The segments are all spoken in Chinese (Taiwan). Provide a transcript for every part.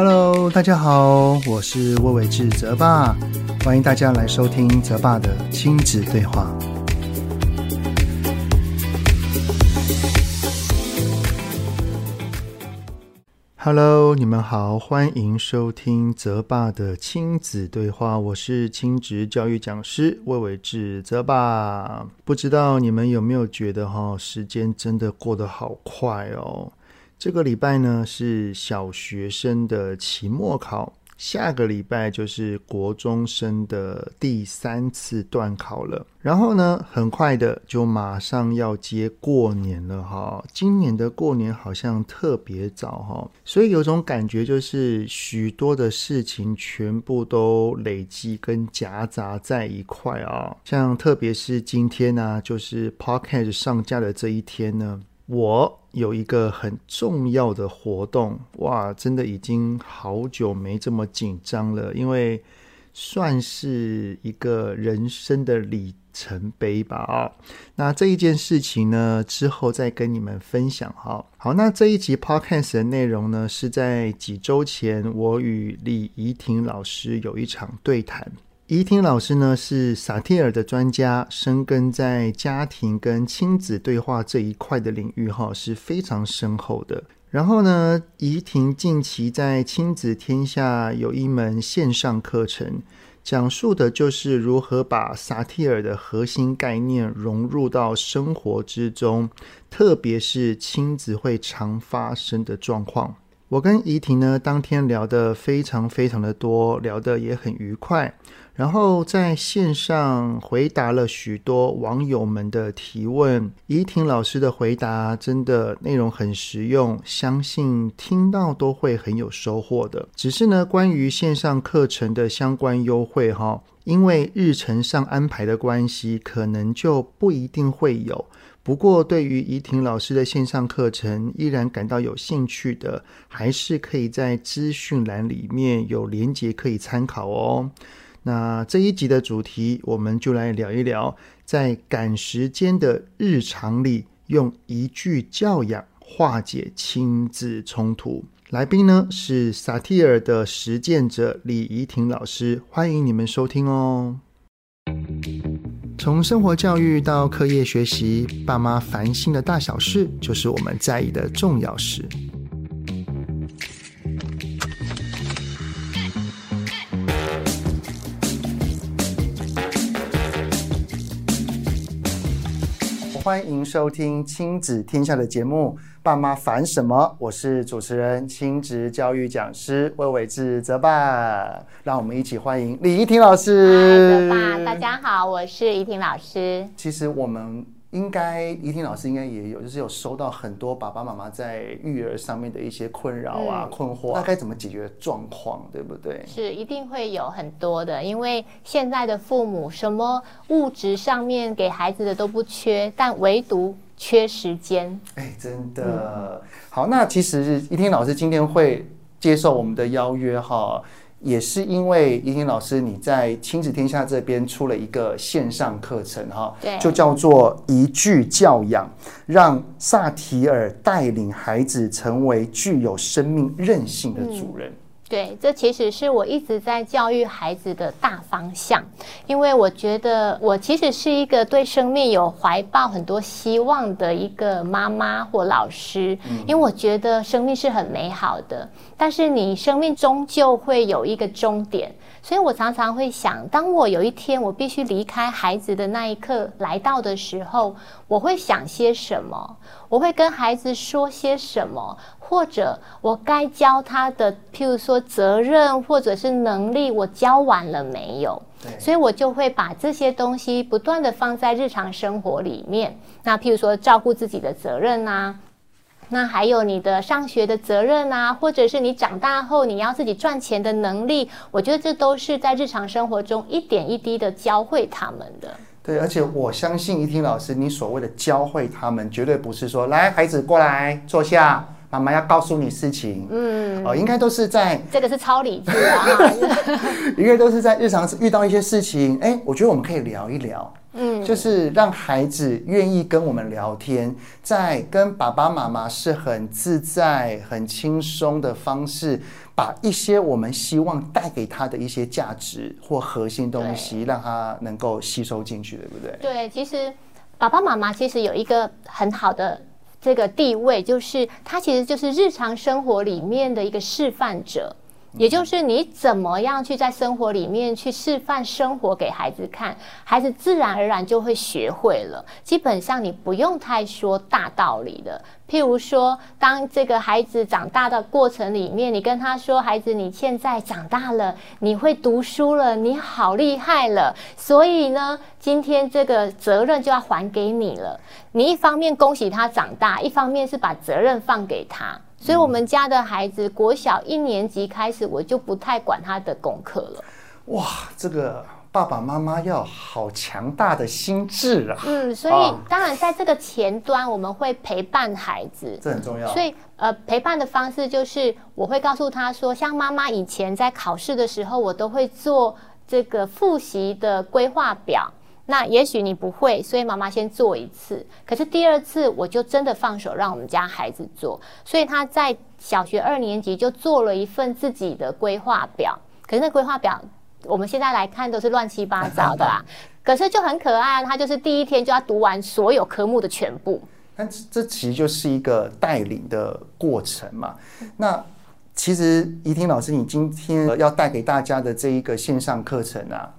Hello，大家好，我是魏瑋志澤爸，歡迎大家來收聽澤爸的親子對話。Hello，你們好，歡迎收聽澤爸的親子對話，我是親職教育講師魏瑋志澤爸。不知道你們有沒有覺得哈，時間真的過得好快哦。這個禮拜呢，是小學生的期末考，下個禮拜就是國中生的第三次段考了。然後呢，很快的就馬上要接過年了哈、哦。今年的過年好像特別早哈、哦，所以有種感覺就是許多的事情全部都累積跟夾雜在一塊啊、哦。像特別是今天呢、啊，就是 Podcast 上架的這一天呢，我。有一個很重要的活動哇，真的已經好久沒這麼緊張了，因為算是一個人生的里程碑吧、哦。那這一件事情呢，之後再跟你們分享哈。好，那這一集 Podcast 的內容呢，是在幾週前我與李儀婷老師有一場對談。儀婷老師呢是薩提爾的專家，深耕在家庭跟親子對話這一塊的領域，哈，是非常深厚的。然後呢，儀婷近期在親子天下有一門線上課程，講述的就是如何把薩提爾的核心概念融入到生活之中，特別是親子會常發生的狀況。我跟儀婷呢當天聊得非常非常的多，聊得也很愉快。然後在線上回答了許多網友們的提問，儀婷老師的回答真的內容很實用，相信聽到都會很有收穫的。只是呢，關於線上課程的相關優惠哈、哦，因為日程上安排的關係，可能就不一定會有。不過，對於儀婷老師的線上課程依然感到有興趣的，還是可以在資訊欄裡面有連結可以參考哦。那這一集的主題，我們就來聊一聊，在趕時間的日常裡，用一句教養化解親子衝突。來賓呢是薩提爾的實踐者李儀婷老師，歡迎你們收聽哦。從生活教育到課業學習，爸媽煩心的大小事，就是我們在意的重要事。歡迎收聽《親子天下》的節目，《爸媽煩什麼》。我是主持人、親職教育講師魏瑋志澤爸，讓我們一起歡迎李儀婷老師。Hi, 澤爸，大家好，我是儀婷老師。其實我們。應該儀婷老師應該也有，就是有收到很多爸爸媽媽在育兒上面的一些困擾啊、嗯、困惑、啊，那該怎麼解決狀況，對不對？是一定會有很多的，因為現在的父母什麼物質上面給孩子的都不缺，但唯獨缺時間。哎，真的、嗯、好，那其實儀婷老師今天會接受我們的邀約哈、哦。也是因為怡婷老師你在親子天下這邊出了一個線上課程哈，對，就叫做《一句教養》，讓薩提爾帶領孩子成為具有生命韌性的主人。嗯對，這其實是我一直在教育孩子的大方向，因為我覺得我其實是一個對生命有懷抱很多希望的一個媽媽或老師，嗯、因為我覺得生命是很美好的，但是你生命終究會有一個終點，所以我常常會想，當我有一天我必須離開孩子的那一刻來到的時候，我會想些什麼？我會跟孩子說些什麼？或者我該教他的，譬如說責任或者是能力，我教完了沒有？對，所以我就會把這些東西不斷地放在日常生活裡面。那譬如說照顧自己的責任啊，那還有你的上學的責任啊，或者是你長大後你要自己賺錢的能力，我覺得這都是在日常生活中一點一滴的教會他們的。對，而且我相信儀婷老師，你所謂的教會他們，絕對不是說，來，孩子過來坐下。媽媽要告訴你事情，嗯，哦、呃，應該都是在這個是超理智啊，應該 都是在日常遇到一些事情，哎、欸，我覺得我們可以聊一聊，嗯，就是讓孩子願意跟我們聊天，在跟爸爸媽媽是很自在、很輕鬆的方式，把一些我們希望帶給他的一些價值或核心東西，對讓他能夠吸收進去，對不對？對，其實爸爸媽媽其實有一個很好的。這個地位，就是他其實就是日常生活裡面的一個示範者。也就是你怎麼樣去在生活裡面去示範生活給孩子看，孩子自然而然就會學會了。基本上你不用太說大道理的。譬如說，當這個孩子長大的過程裡面，你跟他說：“孩子，你現在長大了，你會讀書了，你好厲害了。所以呢，今天這個責任就要還給你了。”你一方面恭喜他長大，一方面是把責任放給他。所以，我們家的孩子國小一年級開始，我就不太管他的功課了。哇，這個爸爸媽媽要好強大的心智啊！嗯，所以當然，在這個前端，我們會陪伴孩子，這很重要。所以，呃，陪伴的方式就是，我會告訴他說，像媽媽以前在考試的時候，我都會做這個複習的規劃表。那也許你不會，所以媽媽先做一次。可是第二次我就真的放手，讓我們家孩子做。所以他在小學二年級就做了一份自己的規劃表。可是那規劃表，我們現在來看都是亂七八糟的啦、啊。 可是就很可愛，他就是第一天就要讀完所有科目的全部。但這其實就是一個帶領的過程嘛。那其實儀婷老師，你今天要帶給大家的這一個線上課程啊。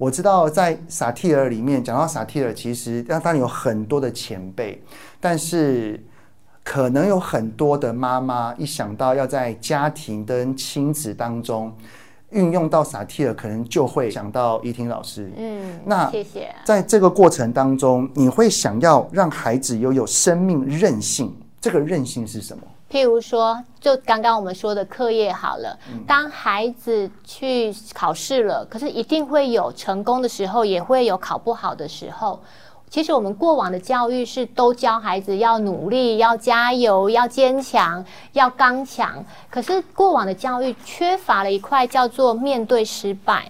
我知道在薩提爾裡面講到薩提爾，其實當然有很多的前輩，但是可能有很多的媽媽一想到要在家庭跟親子當中運用到薩提爾，可能就會想到儀婷老師。嗯，那謝謝。在這個過程當中，你會想要讓孩子擁有生命韌性，這個韌性是什麼？譬如說，就剛剛我們說的課業好了，嗯。當孩子去考試了，可是一定會有成功的時候，也會有考不好的時候。其實我們過往的教育是都教孩子要努力、要加油、要堅強、要剛強，可是過往的教育缺乏了一塊叫做面對失敗。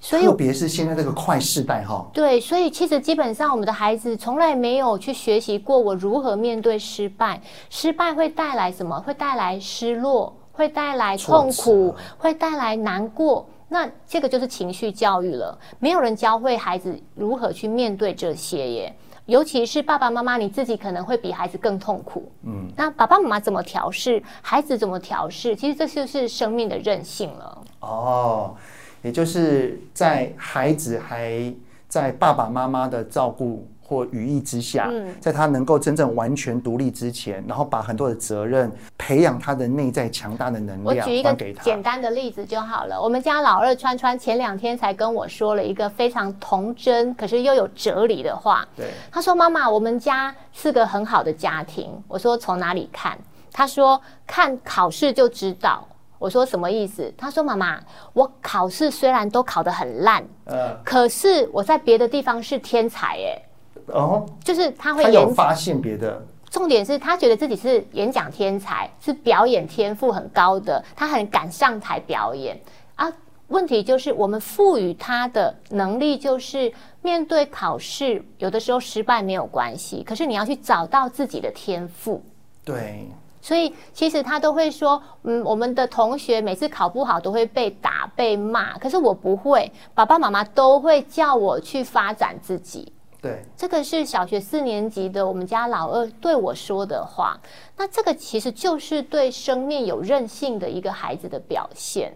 所以特別是現在這個快時代哈、哦，對，所以其實基本上我們的孩子從來沒有去學習過我如何面對失敗，失敗會帶來什麼？會帶來失落，會帶來痛苦，錯了，會帶來難過。那這個就是情緒教育了，沒有人教會孩子如何去面對這些耶。尤其是爸爸媽媽，你自己可能會比孩子更痛苦。嗯，那爸爸媽媽怎麼調適？孩子怎麼調適？其實這就是生命的韌性了。哦。嗯也就是在孩子還在爸爸媽媽的照顧或羽翼之下，在他能夠真正完全獨立之前，然後把很多的責任培養他的內在強大的能量。我舉一個簡單的例子就好了。我們家老二川川前兩天才跟我說了一個非常童真，可是又有哲理的話。對，他說：“媽媽，我們家是個很好的家庭。”我說：“從哪裡看？”他說：“看考試就知道。”我說什麼意思？他說：“媽媽，我考試雖然都考得很爛，呃、可是我在別的地方是天才耶，哦，就是他會演，他有發現別的。重點是他覺得自己是演講天才，是表演天賦很高的，他很敢上台表演啊。問題就是，我們賦予他的能力，就是面對考試，有的時候失敗沒有關係，可是你要去找到自己的天賦。”對。所以其實他都會說，嗯，我們的同學每次考不好都會被打被罵，可是我不會，爸爸媽媽都會叫我去發展自己。對，這個是小學四年級的我們家老二對我說的話。那這個其實就是對生命有韌性的一個孩子的表現。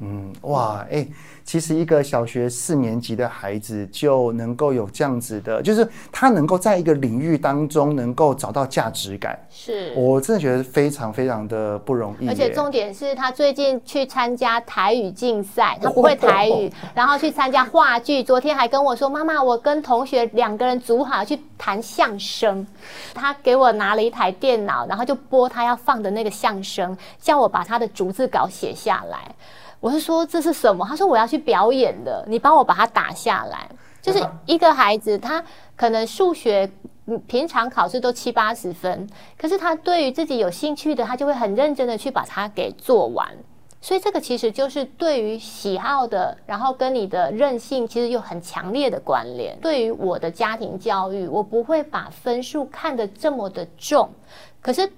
嗯，哇，哎。其實一個小學四年級的孩子就能夠有這樣子的，就是他能夠在一個領域當中能夠找到價值感。是，我真的覺得非常非常的不容易。而且重點是他最近去參加台語競賽，他不會台語，哦、然後去參加話劇。昨天還跟我說：“媽媽，我跟同學兩個人組好去談相聲。”他給我拿了一台電腦，然後就播他要放的那個相聲，叫我把他的逐字稿寫下來。我是說這是什麼？他說，我要去表演的，你幫我把它打下來。就是一個孩子，他可能數學平常考試都七八十分，可是他對於自己有興趣的，他就會很認真的去把它給做完。所以這個其實就是對於喜好的，然後跟你的韌性其實有很強烈的關聯。對於我的家庭教育，我不會把分數看得這麼的重，可是。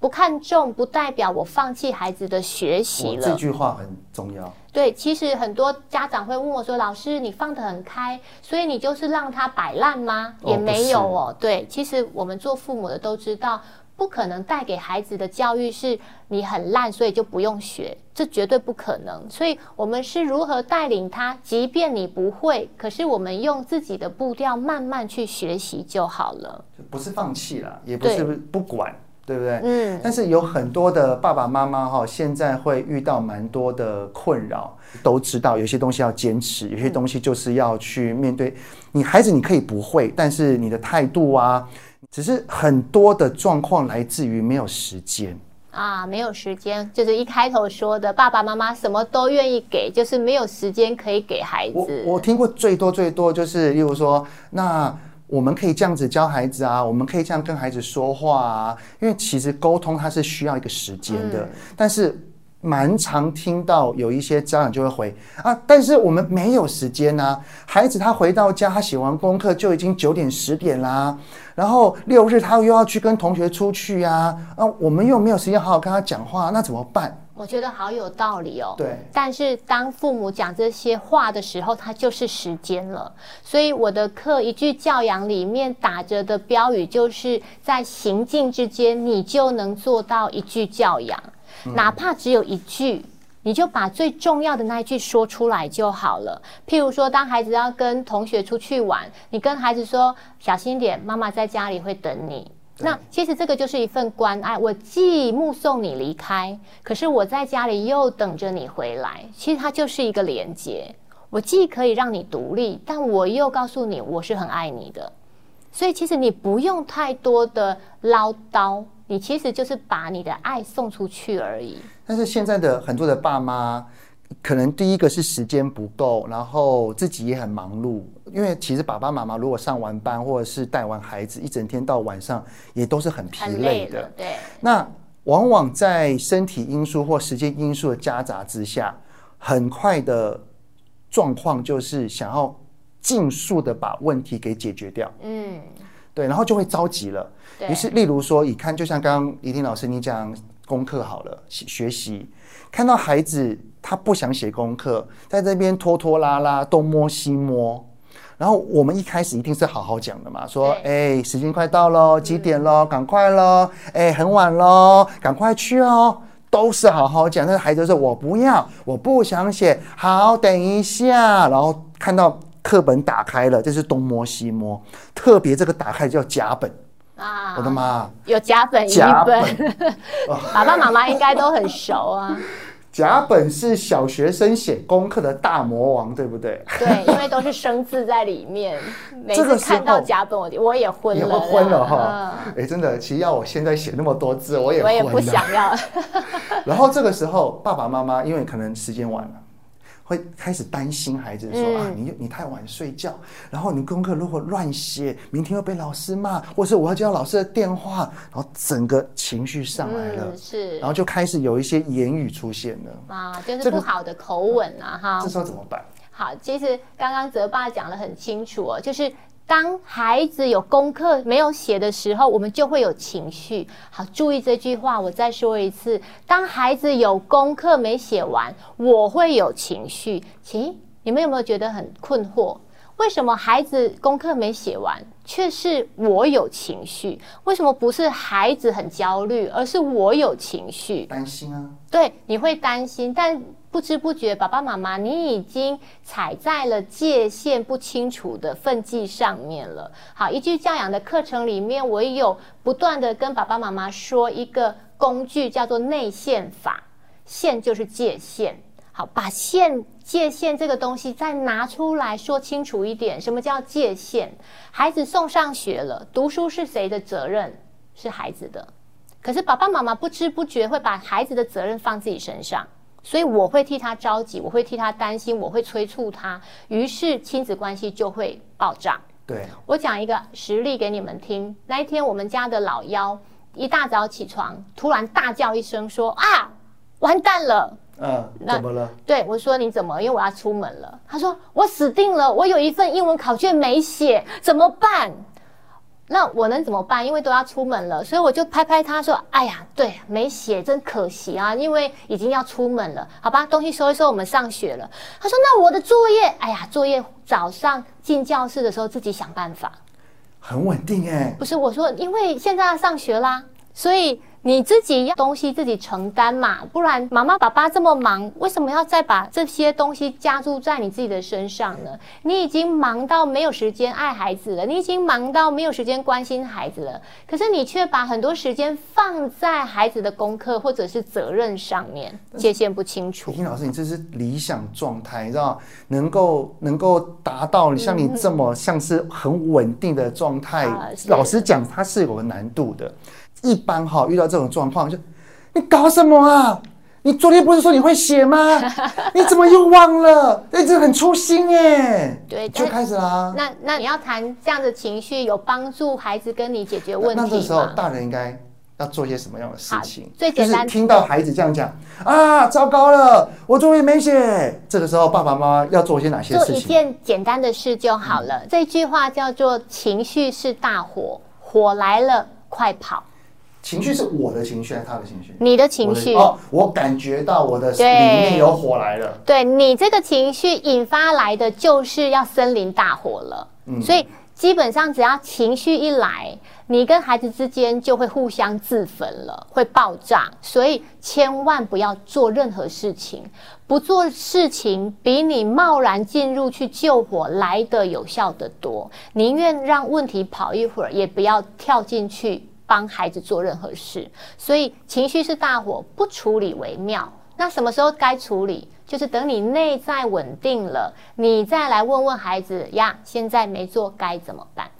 不看重不代表我放棄孩子的學習了。這句話很重要。對，其實很多家長會問我說：“老師，你放得很開，所以你就是讓他擺爛嗎？”哦、也沒有哦。是對，其實我們做父母的都知道，不可能帶給孩子的教育是你很爛，所以就不用學，這絕對不可能。所以我們是如何帶領他？即便你不會，可是我們用自己的步調慢慢去學習就好了。不是放棄了，也不是不管。對不對？嗯，但是有很多的爸爸媽媽哈，現在會遇到蠻多的困擾，都知道有些東西要堅持，有些東西就是要去面對。你孩子你可以不會，但是你的態度啊，只是很多的狀況來自於沒有時間啊，沒有時間，就是一開頭說的，爸爸媽媽什麼都願意給，就是沒有時間可以給孩子。我，我聽過最多最多就是，例如說那。我們可以這樣子教孩子啊，我們可以這樣跟孩子說話啊，因為其實溝通它是需要一個時間的。嗯、但是蠻常聽到有一些家長就會回啊，但是我們沒有時間吶、啊，孩子他回到家，他寫完功課就已經九點十點啦、啊，然後六日他又要去跟同學出去呀、啊，那、啊、我們又沒有時間好好跟他講話，那怎麼辦？我覺得好有道理哦。對。但是當父母講這些話的時候，它就是時間了。所以我的課一句教養裡面打着的標語，就是在行進之間，你就能做到一句教養，嗯、哪怕只有一句，你就把最重要的那一句說出來就好了。譬如說，當孩子要跟同學出去玩，你跟孩子說：“小心一點，媽媽在家裡會等你。”那其實這個就是一份關愛，我既目送你離開，可是我在家裡又等着你回來。其實它就是一個連接，我既可以讓你獨立，但我又告訴你我是很愛你的。所以其實你不用太多的嘮叨，你其實就是把你的愛送出去而已。但是現在的很多的爸媽。可能第一個是時間不夠，然後自己也很忙碌，因為其實爸爸媽媽如果上完班或者是帶完孩子，一整天到晚上也都是很疲累的。累對。那往往在身體因素或時間因素的夾雜之下，很快的狀況就是想要盡速的把問題給解決掉。嗯，對，然後就會着急了。於對是，例如說，你看，就像剛剛李儀婷老師你講功課好了，學習看到孩子。他不想寫功課，在這邊拖拖拉拉，東摸西摸。然後我們一開始一定是好好講的嘛，說：“對哎，時間快到嘍，幾點嘍，嗯、趕快嘍！哎，很晚嘍，趕快去哦！”都是好好講，但是孩子說：“我不要，我不想寫。”好，等一下。然後看到課本打開了，這是東摸西摸。特別這個打開叫夾本啊！我的媽，有夾本，本，夾本，爸 爸媽媽應該都很熟啊。 甲本是小學生寫功課的大魔王，對不對？對，因為都是生字在裡面， 每次看到甲本，我也昏了。也昏了哈，哎，真的，其實要我現在寫那麼多字，我也我也不想要。 然後這個時候，爸爸媽媽因為可能時間晚了。會開始擔心孩子說啊，你你太晚睡覺，嗯、然後你功課如果亂寫，明天又被老師罵，或是我要接到老師的電話，然後整個情緒上來了，嗯、是，然後就開始有一些言語出現了，啊，就是不好的口吻啊，哈、這個啊，這時候怎麼辦、嗯？好，其實剛剛澤爸講得很清楚哦，就是。當孩子有功課沒有寫的時候，我們就會有情緒。好，注意這句話，我再說一次：當孩子有功課沒寫完，我會有情緒。咦，你們有沒有覺得很困惑？為什麼孩子功課沒寫完，卻是我有情緒？為什麼不是孩子很焦慮，而是我有情緒？擔心啊。對，你會擔心，但。不知不覺，爸爸媽媽，你已經踩在了界限不清楚的分際上面了。好，一句教養的課程裡面，我也有不斷的跟爸爸媽媽說一個工具，叫做內線法。線就是界限。好，把線、界限這個東西再拿出來說清楚一點。什麼叫界限？孩子送上學了，讀書是誰的責任？是孩子的。可是爸爸媽媽不知不覺會把孩子的責任放自己身上。所以我會替他着急，我會替他擔心，我會催促他，於是親子關係就會爆炸。對，我講一個實例給你們聽。那一天，我們家的老幺一大早起床，突然大叫一聲說：“啊，完蛋了！”嗯，那，怎麼了？對，我說：“你怎麼？”因為我要出門了。他說：“我死定了，我有一份英文考卷沒寫，怎麼辦？”那我能怎麼辦？因為都要出門了，所以我就拍拍他說：“哎呀，對，沒寫，真可惜啊，因為已經要出門了，好吧，東西收一收，我們上學了。”他說：“那我的作業，哎呀，作業早上進教室的時候自己想辦法，很穩定，哎，嗯，不是我說，因為現在要上學啦，所以。”你自己要東西自己承擔嘛，不然媽媽爸爸這麼忙，為什麼要再把這些東西加注在你自己的身上呢？嗯、你已經忙到沒有時間愛孩子了，你已經忙到沒有時間關心孩子了，可是你卻把很多時間放在孩子的功課或者是責任上面，是界限不清楚。李老師，你這是理想狀態，你知道？能夠能夠達到像你這麼像是很穩定的狀態，嗯嗯啊、老實講，它是有個難度的。一般哈，遇到這種狀況就，你搞什麼啊？你昨天不是說你會寫嗎？ 你怎麼又忘了？那、欸、這很粗心耶、欸。對，就開始啦、啊。那那你要談這樣的情緒，有幫助孩子跟你解決問題那。那這時候大人應該要做一些什麼樣的事情？最簡單，是聽到孩子這樣講對啊，糟糕了，我作業沒寫。這個時候爸爸媽媽要做一些哪些事情？做一件簡單的事就好了。嗯、這句話叫做情緒是大火，火來了快跑。情緒是我的情緒還是他的情緒？你的情緒的對哦，我感覺到我的心裡有火來了。對你這個情緒引發來的，就是要森林大火了。嗯，所以基本上只要情緒一來，你跟孩子之間就會互相自焚了，會爆炸。所以千萬不要做任何事情，不做事情比你貿然進入去救火來得有效得多。寧願讓問題跑一會兒，也不要跳進去。幫孩子做任何事，所以情緒是大火，不處理為妙。那什麼時候該處理？就是等你內在穩定了，你再來問問孩子呀。現在沒做該怎麼辦？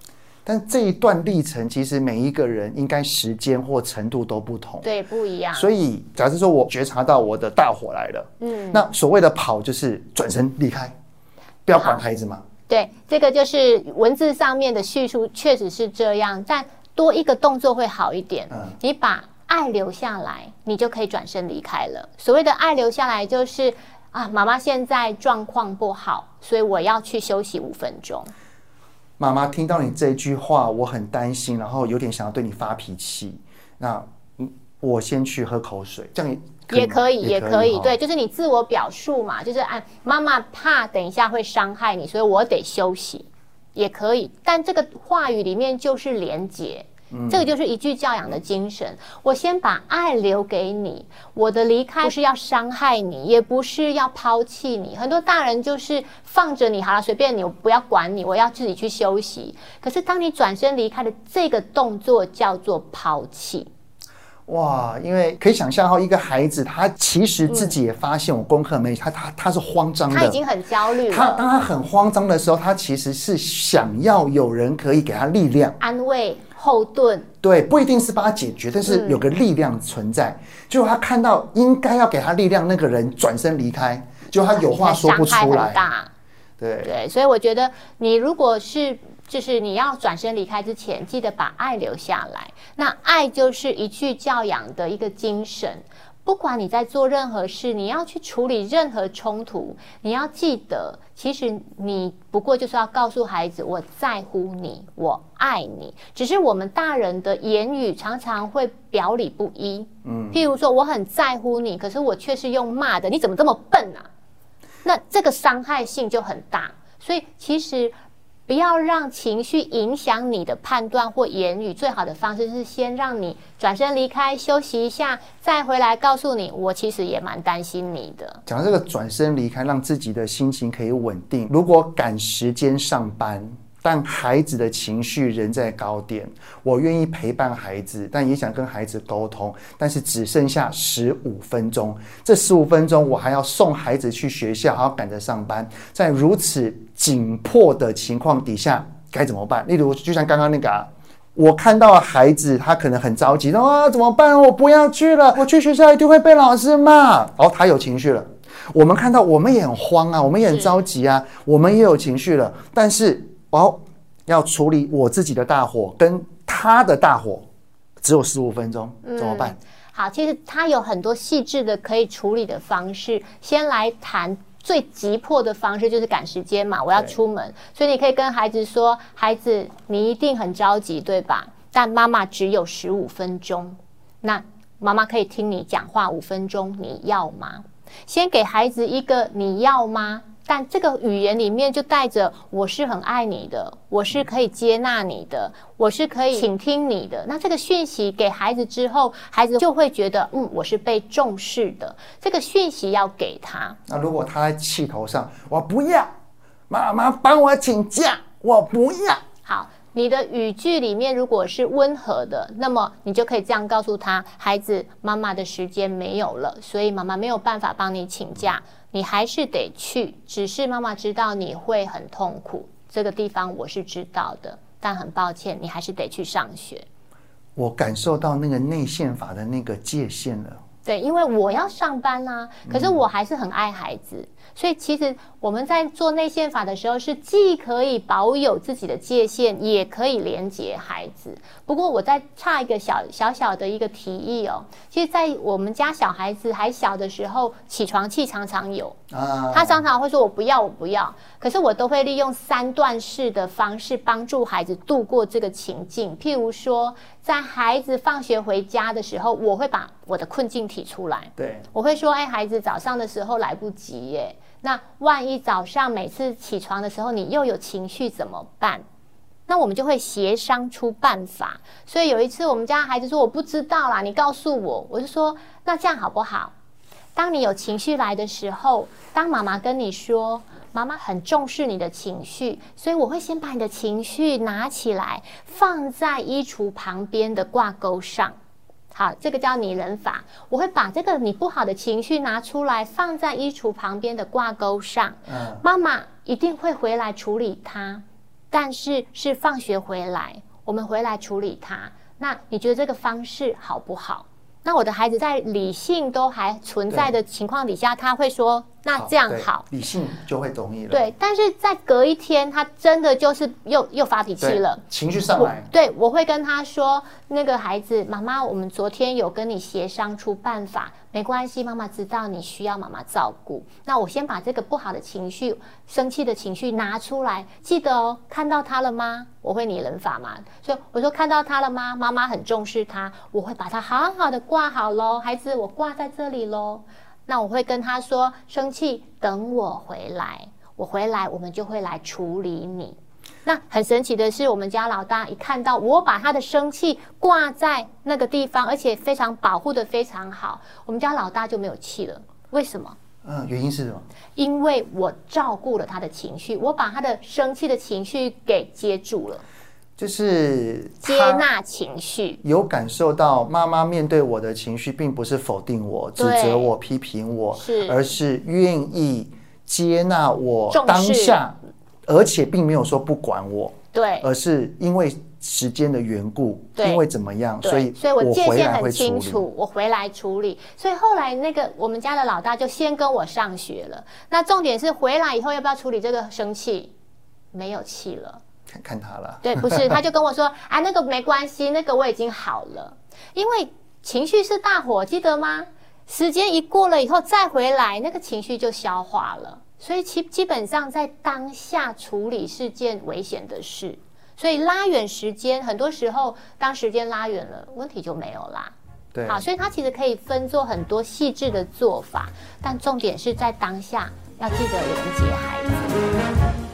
但這一段歷程，其實每一個人應該時間或程度都不同，對，不一樣。所以，假設說我覺察到我的大火來了，嗯，那所謂的跑就是轉身離開，不要管孩子嗎？對，這個就是文字上面的敘述確實是這樣，但。多一個動作會好一點。嗯，你把愛留下來，你就可以轉身離開了。所謂的愛留下來，就是啊，媽媽現在狀況不好，所以我要去休息五分鐘。媽媽聽到你這句話，我很擔心，然後有點想要對你發脾氣。那我先去喝口水，這樣也可以也可以，也可以。好對，就是你自我表述嘛，就是哎，媽媽怕等一下會傷害你，所以我得休息。也可以，但這個話語裡面就是連結，嗯、這個就是一句教養的精神。我先把愛留給你，我的離開不是要傷害你，也不是要拋棄你。很多大人就是放着你好了，隨便你，我不要管你，我要自己去休息。可是當你轉身離開的這個動作，叫做拋棄。哇，因為可以想象哈，一個孩子他其實自己也發現我功課沒，嗯、他他他是慌張的，他已經很焦慮了。他當他很慌張的時候，他其實是想要有人可以給他力量、安慰、嗯、後盾。對，不一定是幫他解決，但是有個力量存在。嗯、就他看到應該要給他力量那個人轉身離開，就他有話說不出來。大對對，所以我覺得你如果是。就是你要轉身離開之前，記得把愛留下來。那愛就是一句教養的一個精神。不管你在做任何事，你要去處理任何衝突，你要記得，其實你不過就是要告訴孩子，我在乎你，我愛你。只是我們大人的言語常常會表裡不一。嗯，譬如說我很在乎你，可是我卻是用罵的，你怎麼這麼笨啊？那這個傷害性就很大。所以其實。不要讓情緒影響你的判斷或言語。最好的方式是先讓你轉身離開，休息一下，再回來告訴你，我其實也蠻擔心你的。講這個轉身離開，讓自己的心情可以穩定。如果趕時間上班，但孩子的情緒仍在高點，我願意陪伴孩子，但也想跟孩子溝通，但是只剩下十五分鐘，這十五分鐘我還要送孩子去學校，還要趕着上班，在如此緊迫的情況底下，該怎麼辦？例如，就像剛剛那個啊，我看到孩子他可能很着急，啊、哦，怎麼辦？我不要去了，我去學校一定會被老師罵，哦，他有情緒了，我們看到我們也很慌啊，我們也很着急啊，是我們也有情緒了，但是。哦，要處理我自己的大火跟他的大火，只有十五分鐘，怎麼辦？嗯，好，其實他有很多細緻的可以處理的方式。先來談最急迫的方式，就是趕時間嘛，我要出門，對所以你可以跟孩子說：“孩子，你一定很着急，對吧？但媽媽只有十五分鐘，那媽媽可以聽你講話五分鐘，你要嗎？先給孩子一個你要嗎？”但這個語言裡面就帶着我是很愛你的，我是可以接納你的，我是可以傾聽你的。那這個訊息給孩子之後，孩子就會覺得，嗯，我是被重視的。這個訊息要給他。那如果他在氣頭上，我不要，媽媽幫我請假，我不要。好，你的語句裡面如果是溫和的，那麼你就可以這樣告訴他，孩子，媽媽的時間沒有了，所以媽媽沒有辦法幫你請假。你還是得去，只是媽媽知道你會很痛苦。這個地方我是知道的，但很抱歉，你還是得去上學。我感受到那個內憲法的那個界限了。對，因為我要上班啦、啊，可是我還是很愛孩子。嗯所以其實我們在做內線法的時候，是既可以保有自己的界限，也可以連接孩子。不過我再插一個小小小的一個提議哦，其實，在我們家小孩子還小的時候，起床氣常常有，他常常會說“我不要，我不要”。可是我都會利用三段式的方式幫助孩子度過這個情境。譬如說，在孩子放學回家的時候，我會把我的困境提出來，對，我會說：“哎，孩子，早上的時候來不及耶。”那萬一早上每次起床的時候，你又有情緒怎麼辦？那我們就會協商出辦法。所以有一次我們家孩子說，我不知道啦，你告訴我。我就說，那這樣好不好？當你有情緒來的時候，當媽媽跟你說，媽媽很重視你的情緒，所以我會先把你的情緒拿起來，放在衣櫥旁邊的掛鈎上。好，這個叫擬人法。我會把這個你不好的情緒拿出來，放在衣櫥旁邊的掛鈎上。嗯，媽媽一定會回來處理它，但是是放學回來，我們回來處理它。那你覺得這個方式好不好？那我的孩子在理性都還存在的情況底下，對他會說。那這樣好，好理性就會同意了。對，但是在隔一天，他真的就是又又發脾氣了，情緒上來。對，我會跟他說：“那個孩子，媽媽，我們昨天有跟你協商出辦法，沒關係，媽媽知道你需要媽媽照顧。那我先把這個不好的情緒、生氣的情緒拿出來，記得哦，看到他了嗎？我會擬人法嘛，所以我說看到他了嗎？媽媽很重視他，我會把他好好的掛好嘍，孩子，我掛在這裡嘍。”那我會跟他說，生氣，等我回來，我回來我們就會來處理你。那很神奇的是，我們家老大一看到我把他的生氣掛在那個地方，而且非常保護得非常好，我們家老大就沒有氣了。為什麼？嗯、呃，原因是什麼？因為我照顧了他的情緒，我把他的生氣的情緒給接住了。就是接納情緒，有感受到媽媽面對我的情緒，並不是否定我，對指責我、批評我，是，而是願意接納我當下，視而且並沒有說不管我，對，而是因為時間的緣故，對因為怎麼樣，所以對所以我界限很清楚，我回，我回來處理，所以後來那個我們家的老大就先跟我上學了。那重點是回來以後要不要處理這個生氣？沒有氣了。看看他了，對，不是，他就跟我說， 啊，那個沒關係，那個我已經好了，因為情緒是大火，記得嗎？時間一過了以後再回來，那個情緒就消化了，所以其基本上在當下處理是件危險的事，所以拉遠時間，很多時候當時間拉遠了，問題就沒有啦。對，好，所以他其實可以分做很多細緻的做法，但重點是在當下要記得連接孩子。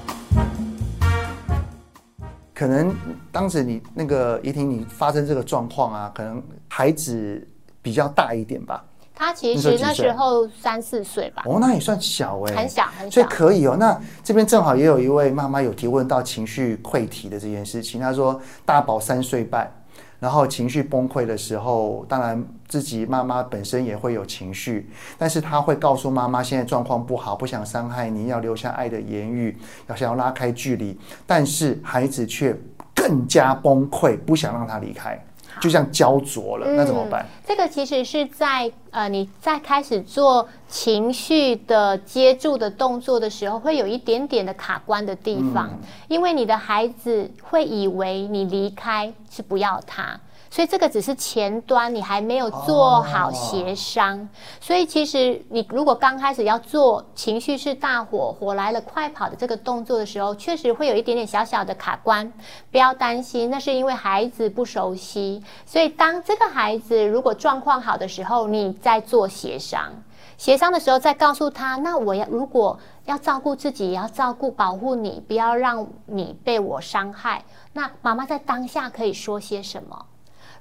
可能當時你那個儀婷，你發生這個狀況啊，可能孩子比較大一點吧。他其實那時，那時候三四歲吧。哦，那也算小哎、欸，很小很小，所以可以哦、喔。那這邊正好也有一位媽媽有提問到情緒潰堤的這件事情，她說大寶三歲半，然後情緒崩潰的時候，當然。自己媽媽本身也會有情緒，但是他會告訴媽媽現在狀況不好，不想傷害你，要留下愛的言語，要想要拉開距離，但是孩子卻更加崩潰，不想讓他離開，就像焦灼了，好那怎麼辦？嗯，這個其實是在呃你在開始做情緒的接住的動作的時候，會有一點點的卡關的地方，嗯，因為你的孩子會以為你離開是不要他。所以這個只是前端，你還沒有做好協商。Oh. 所以其實你如果剛開始要做情緒是大火火來了快跑的這個動作的時候，確實會有一點點小小的卡關，不要擔心，那是因為孩子不熟悉。所以當這個孩子如果狀況好的時候，你再做協商，協商的時候再告訴他：那我要如果要照顧自己，也要照顧保護你，不要讓你被我傷害。那媽媽在當下可以說些什麼？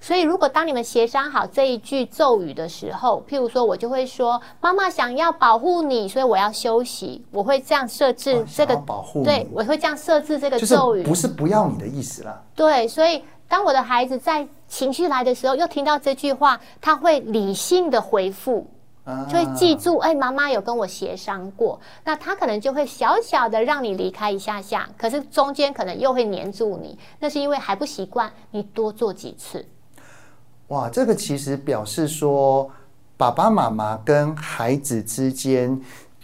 所以，如果當你們協商好這一句咒語的時候，譬如說我就會說：“媽媽想要保護你，所以我要休息。”我會這樣設置這個、哦、保護。對，我會這樣設置這個咒語，不是不要你的意思了。對，所以當我的孩子在情緒來的時候，又聽到這句話，他會理性的回復，就會記住：“啊、哎，媽媽有跟我協商過。”那他可能就會小小的讓你離開一下下，可是中間可能又會黏住你，那是因為還不習慣。你多做幾次。哇，這個其實表示說，爸爸媽媽跟孩子之間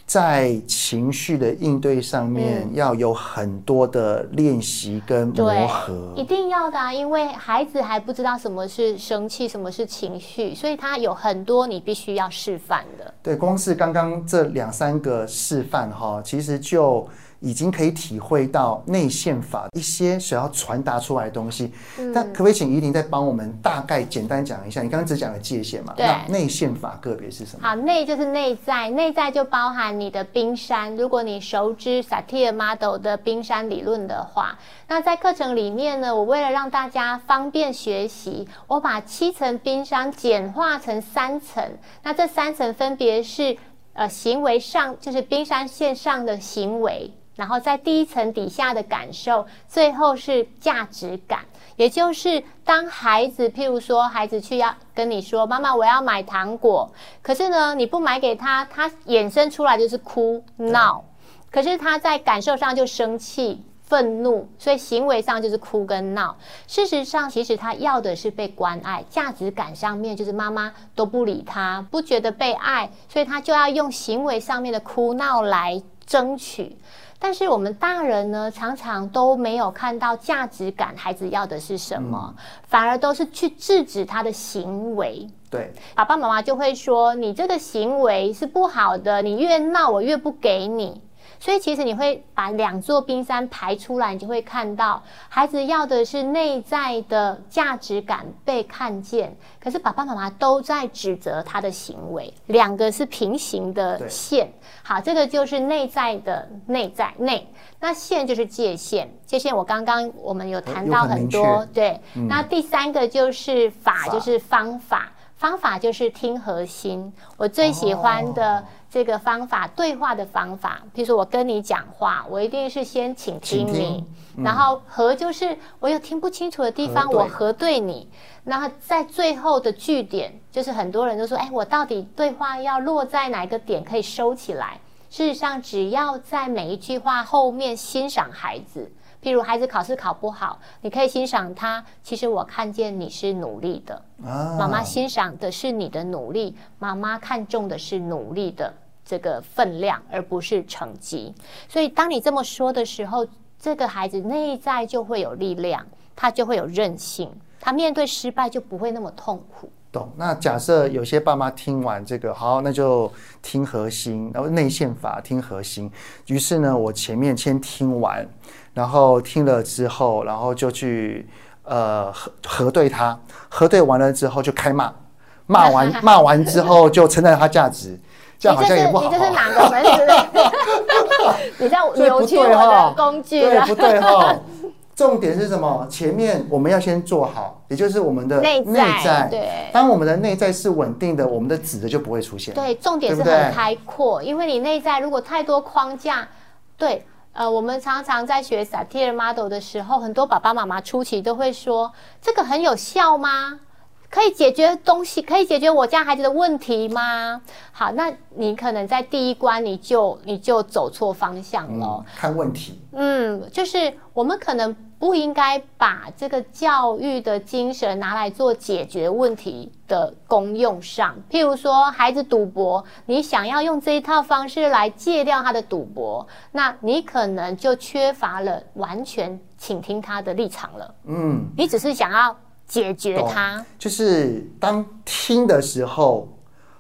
在情緒的應對上面要有很多的練習跟磨合，嗯，一定要的啊，因為孩子還不知道什麼是生氣，什麼是情緒，所以他有很多你必須要示範的。對，光是剛剛這兩三個示範哈，哦，其實就。已經可以體會到內線法一些想要傳達出來的東西，那、嗯、可不可以請儀婷再幫我們大概簡單講一下？你剛剛只講了界限嘛。對。那內線法個別是什麼？好，內就是內在，內在就包含你的冰山。如果你熟知 Satir Model 的冰山理論的話，那在課程裡面呢，我為了讓大家方便學習，我把七層冰山簡化成三層。那這三層分別是呃行為上，就是冰山線上的行為。然後在第一層底下的感受，最後是價值感，也就是當孩子，譬如說孩子去要跟你說：“媽媽，我要買糖果。”可是呢，你不買給他，他衍生出來就是哭鬧。可是他在感受上就生氣、憤怒，所以行為上就是哭跟鬧。事實上，其實他要的是被關愛，價值感上面就是媽媽都不理他，不覺得被愛，所以他就要用行為上面的哭鬧來爭取。但是我們大人呢，常常都沒有看到價值感，孩子要的是什麼，嗯、反而都是去制止他的行為。對，爸爸媽媽就會說：“你這個行為是不好的，你越鬧我越不給你。”所以其實你會把兩座冰山排出來，你就會看到孩子要的是內在的價值感被看見，可是爸爸媽媽都在指責他的行為，兩個是平行的線。對好，這個就是內在的內在內，那線就是界限，界限我剛剛我們有談到很多，呃、很對。嗯、那第三個就是法，法就是方法。方法就是聽核心，我最喜歡的這個方法，哦、對話的方法。譬如說我跟你講話，我一定是先傾聽你，聽嗯、然後核就是我有聽不清楚的地方，核對我核對你。然後在最後的句點，就是很多人都說，哎，我到底對話要落在哪個點可以收起來？事實上，只要在每一句話後面欣賞孩子。譬如孩子考試考不好，你可以欣賞他。其實我看見你是努力的，媽媽欣賞的是你的努力，媽媽看重的是努力的這個分量，而不是成績。所以當你這麼說的時候，這個孩子內在就會有力量，他就會有韌性，他面對失敗就不會那麼痛苦。懂。那假設有些爸媽聽完這個，好，那就聽核心，然後內線法聽核心。於是呢，我前面先聽完，然後聽了之後，然後就去呃核核對它核對完了之後就開罵，罵完罵完之後就稱讚它價值， 這樣好像也不好，好你。你這是哪個門之類？比較扭曲的工具對不對？ 重點是什麼？前面我們要先做好，也就是我們的內在，內在。對，當我們的內在是穩定的，我們的指的就不會出現。對，重點是很開闊，對對因為你內在如果太多框架，對，呃，我們常常在學 Satir Model 的時候，很多爸爸媽媽初期都會說：“這個很有效嗎？可以解決東西？可以解決我家孩子的問題嗎？”好，那你可能在第一關你就你就走錯方向了，嗯。看問題，嗯，就是我們可能。不應該把這個教育的精神拿來做解決問題的功用上。譬如說，孩子賭博，你想要用這一套方式來戒掉他的賭博，那你可能就缺乏了完全傾聽他的立場了。嗯，你只是想要解決他，就是當聽的時候。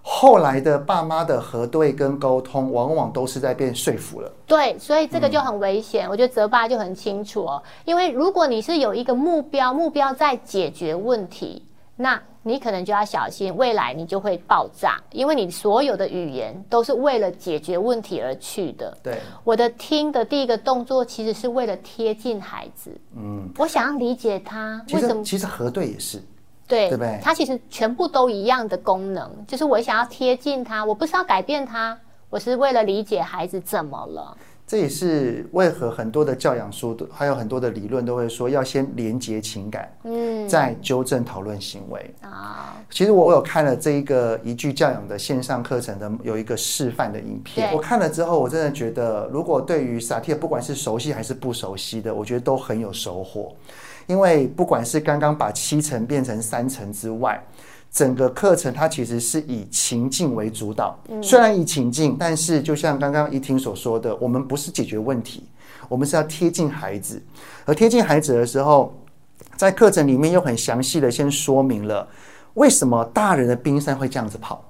後來的爸媽的核對跟溝通，往往都是在變說服了。對，所以這個就很危險。嗯，我覺得澤爸就很清楚哦，因為如果你是有一個目標，目標在解決問題，那你可能就要小心，未來你就會爆炸，因為你所有的語言都是為了解決問題而去的。對，我的聽的第一個動作其實是為了貼近孩子。嗯，我想要理解他其實為什麼。其實核對也是。對，它對對其實全部都一樣的功能，就是我想要貼近它，我不是要改變它，我是為了理解孩子怎麼了。這也是為何很多的教養書，還有很多的理論都會說要先連接情感，嗯，再糾正討論行為啊。其實我我有看了這一個一句教養的線上課程的有一個示範的影片，對我看了之後，我真的覺得，如果對於薩提爾，不管是熟悉還是不熟悉的，我覺得都很有收穫。因為不管是剛剛把七層變成三層之外，整個課程它其實是以情境為主導。雖然以情境，但是就像剛剛儀婷所說的，我們不是解決問題，我們是要貼近孩子。而貼近孩子的時候，在課程裡面又很詳細的先說明了為什麼大人的冰山會這樣子跑，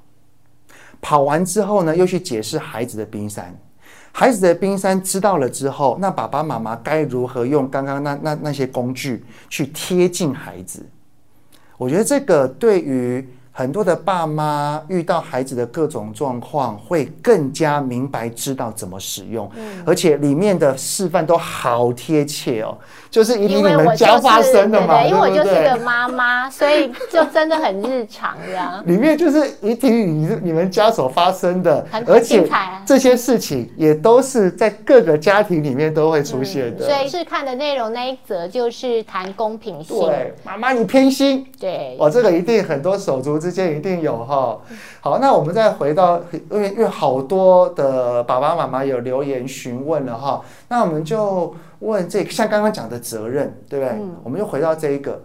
跑完之後呢，又去解釋孩子的冰山。孩子的冰山知道了之後，那爸爸媽媽該如何用剛剛那那那些工具去貼近孩子？我覺得這個對於。很多的爸媽遇到孩子的各種狀況，會更加明白知道怎麼使用，嗯、而且裡面的示範都好貼切哦，就是一定你們家發生的嘛、就是，對、對、對、對、對，因為我就是個媽媽， 所以就真的很日常這樣。裡面就是一定你你們家所發生的，很很精彩啊，而且這些事情也都是在各個家庭裡面都會出現的。嗯、所以試看的內容那一則就是談公平性，對，媽媽你偏心，對，我這個一定很多手足。之間一定有哈，好，那我們再回到，因為因為好多的爸爸媽媽有留言詢問了哈，那我們就問這，像剛剛講的責任，對不對？嗯、我們就回到這一個，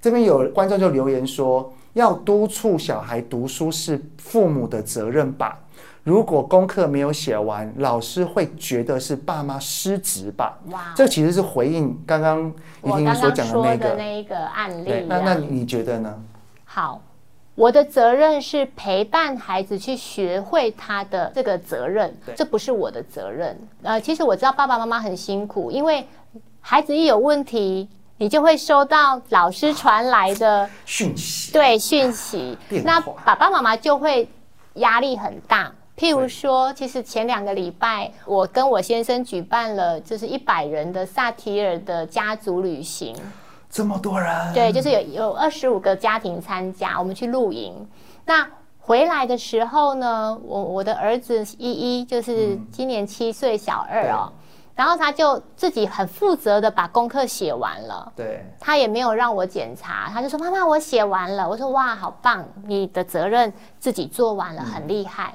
這邊有觀眾就留言說，要督促小孩讀書是父母的責任吧？如果功課沒有寫完，老師會覺得是爸媽失職吧？哇，這其實是回應剛剛儀婷所講的那個、哦、剛剛說的那一個案例、啊，那那你覺得呢？好。我的責任是陪伴孩子去學會他的這個責任，對這不是我的責任。呃，其實我知道爸爸媽媽很辛苦，因為孩子一有問題，你就會收到老師傳來的、啊、訊息，對、啊、訊息。化那爸爸媽媽就會壓力很大。譬如說，對其實前兩個禮拜，我跟我先生舉辦了就是一百人的薩提爾的家族旅行。這麼多人，對，就是有有二十五個家庭參加，我們去露營。那回來的時候呢，我我的兒子一一就是今年七歲小二哦，嗯、然後他就自己很負責的把功課寫完了。對，他也沒有讓我檢查，他就說：“媽媽，我寫完了。”我說：“哇，好棒！你的責任自己做完了，嗯、很厲害。”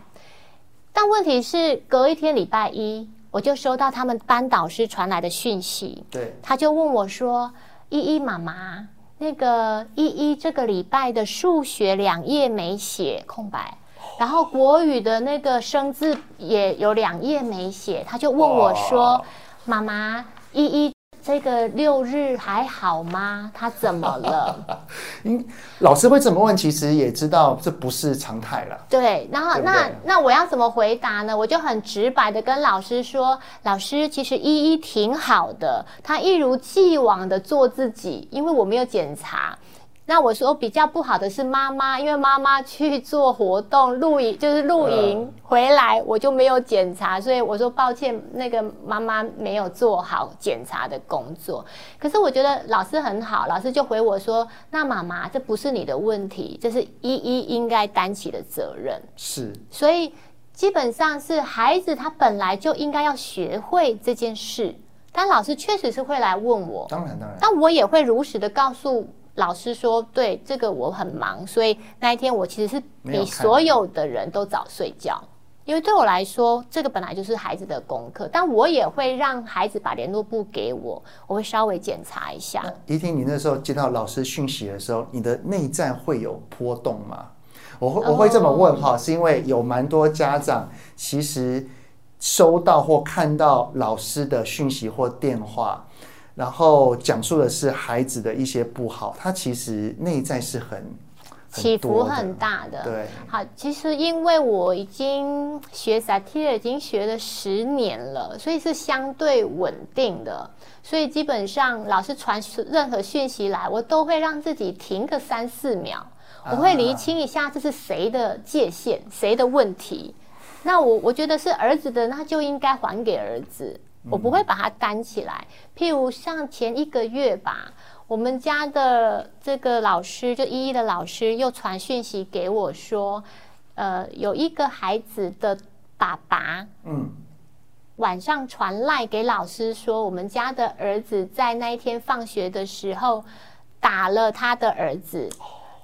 但問題是，隔一天禮拜一，我就收到他們班導師傳來的訊息，對，他就問我說。依依媽媽，那個依依這個禮拜的數學兩頁沒寫空白，然後國語的那個生字也有兩頁沒寫，他就問我說：“哇媽媽，依依。”這個六日還好嗎？他怎麼了？ 老師會這麼問？其實也知道這不是常態了。對，然後那對對那，那我要怎麼回答呢？我就很直白的跟老師說，老師其實依依挺好的，他一如既往的做自己，因為我沒有檢查。那我說比較不好的是媽媽，因為媽媽去做活動露營，就是露營、uh, 回來，我就沒有檢查，所以我說抱歉，那個媽媽沒有做好檢查的工作。可是我覺得老師很好，老師就回我說：“那媽媽，這不是你的問題，這是一一應該擔起的責任。”是，所以基本上是孩子他本來就應該要學會這件事。但老師確實是會來問我，當然當然，當然但我也會如實的告訴。老師說：“對，這個我很忙，所以那一天我其實是比所有的人都早睡覺。因為對我來說，這個本來就是孩子的功課，但我也會讓孩子把聯絡簿給我，我會稍微檢查一下。”儀婷，你那時候接到老師訊息的時候，嗯、你的內在會有波動嗎？我會、哦、我會這麼問哈，是因為有蠻多家長其實收到或看到老師的訊息或電話。然後講述的是孩子的一些不好，他其實內在是很起伏很大的。對，對，好，其實因為我已經學薩提爾已經學了十年了，所以是相對穩定的。所以基本上老師傳任何訊息來，我都會讓自己停個三四秒，我會釐清一下這是誰的界限，啊啊誰的問題。那我我覺得是兒子的，那就應該還給兒子。我不會把它擔起來。譬如像前一個月吧，我們家的這個老師，就一一的老師，又傳訊息給我說，呃，有一個孩子的爸爸，嗯，晚上傳賴給老師說，我們家的兒子在那一天放學的時候打了他的兒子，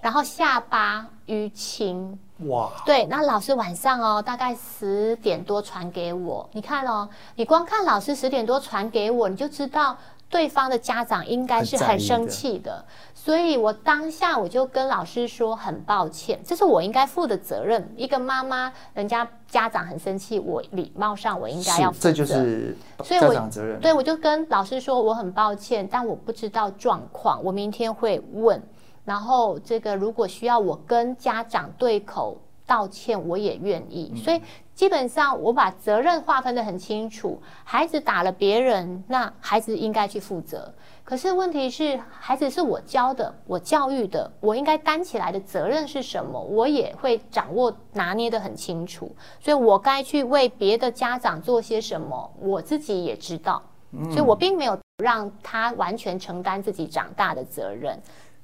然後下巴淤青。哇！Wow, 對，那老師晚上哦，大概十點多傳給我。你看哦，你光看老師十點多傳給我，你就知道對方的家長應該是很生氣的。的所以我當下我就跟老師說很抱歉，這是我應該負的責任。一個媽媽，人家家長很生氣，我禮貌上我應該要負的，這就是家長責任。對，我就跟老師說我很抱歉，但我不知道狀況，我明天會問。然後，這個如果需要我跟家長對口道歉，我也願意。所以基本上我把責任劃分得很清楚。孩子打了別人，那孩子應該去負責。可是問題是，孩子是我教的，我教育的，我應該擔起來的責任是什麼？我也會掌握拿捏得很清楚。所以我該去為別的家長做些什麼，我自己也知道。所以我並沒有讓他完全承擔自己長大的責任。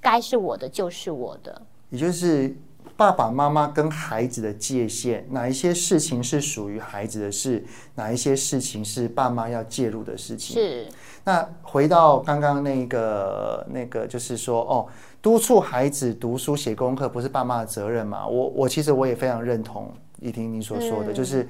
該是我的就是我的，也就是爸爸媽媽跟孩子的界限，哪一些事情是屬於孩子的事，哪一些事情是爸媽要介入的事情。是。那回到剛剛那個那個，就是說，哦，督促孩子讀書寫功課，不是爸媽的責任嗎？我我其實我也非常認同儀婷你所說的、嗯、就是，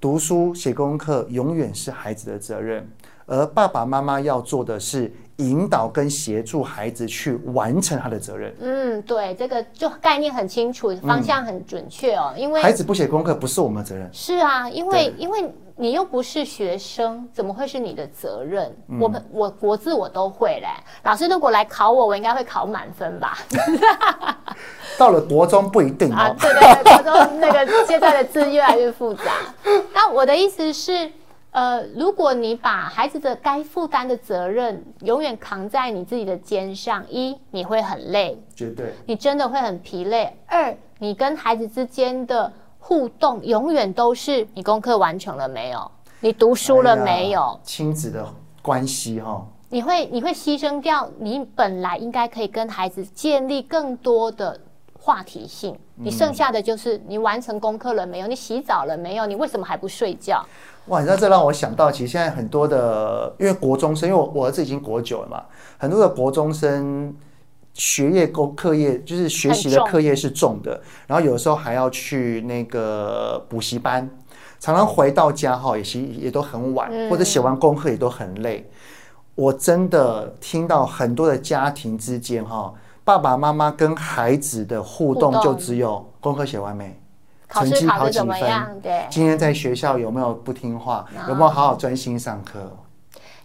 讀書寫功課永遠是孩子的責任，而爸爸媽媽要做的是。引導跟協助孩子去完成他的責任。嗯，對，這個就概念很清楚，方向很準確哦。嗯、因為孩子不寫功課不是我們的責任。是啊，因為對因為你又不是學生，怎麼會是你的責任？我們我國字我都會嘞，老師如果來考我，我應該會考滿分吧。 到了國中不一定、哦、啊。對對對，國中那個現在的字越來越複雜。那 我的意思是。呃，如果你把孩子的該負擔的責任永遠扛在你自己的肩上，一你會很累，絕對，你真的會很疲累。二，你跟孩子之間的互動永遠都是你功課完成了沒有？你讀書了沒有？哎、親子的關係、哦，哈，你會你會犧牲掉你本來應該可以跟孩子建立更多的。話題性，你剩下的就是你完成功課了沒有？嗯、你洗澡了沒有？你為什麼還不睡覺？哇，你知道這讓我想到，其實現在很多的，因為國中生，因為我我兒子已經國久國九了嘛，很多的國中生學業功課業就是學習的課業是重的，重，然後有的時候還要去那個補習班，常常回到家哈，也也也都很晚，或者寫完功課也都很累。嗯、我真的聽到很多的家庭之間哈。爸爸媽媽跟孩子的互動就只有功課寫完沒，互動。成績考幾分？對，今天在學校有沒有不聽話？嗯、有沒有好好專心上課？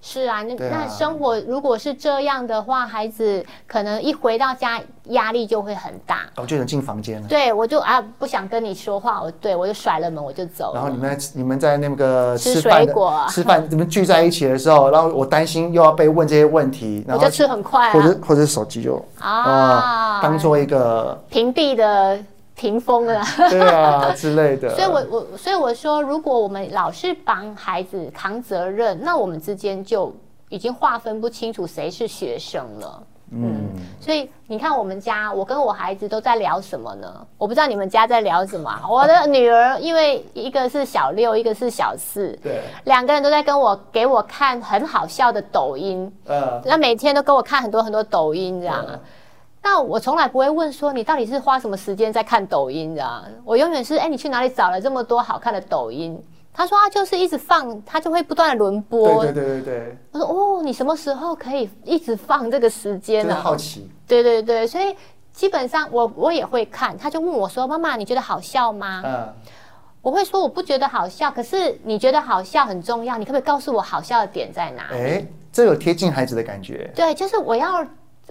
是啊，那啊那生活如果是這樣的話，孩子可能一回到家壓力就會很大，我、哦、就能進房間了。對，我就啊不想跟你說話，我對我就甩了門，我就走，然後你們在、你們在那個吃飯、吃水果、吃飯，你們聚在一起的時候，嗯、然後我擔心又要被問這些問題，然後我就吃很快、啊，或者或者手機就啊、呃、當做一個屏蔽的。屏風了， 對啊之類的。 所以我，我我所以我說，如果我們老是幫孩子扛責任，那我們之間就已經劃分不清楚誰是學生了。嗯，嗯。所以你看，我們家我跟我孩子都在聊什麼呢？我不知道你們家在聊什麼、啊。我的女兒 因為一個是小六，一個是小四，對，兩個人都在跟我給我看很好笑的抖音。嗯、啊。那每天都給我看很多很多抖音，這樣。那我從來不會問說你到底是花什麼時間在看抖音的、啊，我永遠是哎、欸，你去哪裡找了這麼多好看的抖音？他說啊，就是一直放，他就會不斷的輪播。對對對對。我說哦，你什麼時候可以一直放這個時間、啊？呢？好奇。對對對，所以基本上我我也會看，他就問我說：“媽媽，你覺得好笑嗎？”嗯。我會說我不覺得好笑，可是你覺得好笑很重要，你可不可以告訴我好笑的點在哪？哎、欸，這有貼近孩子的感覺。對，就是我要。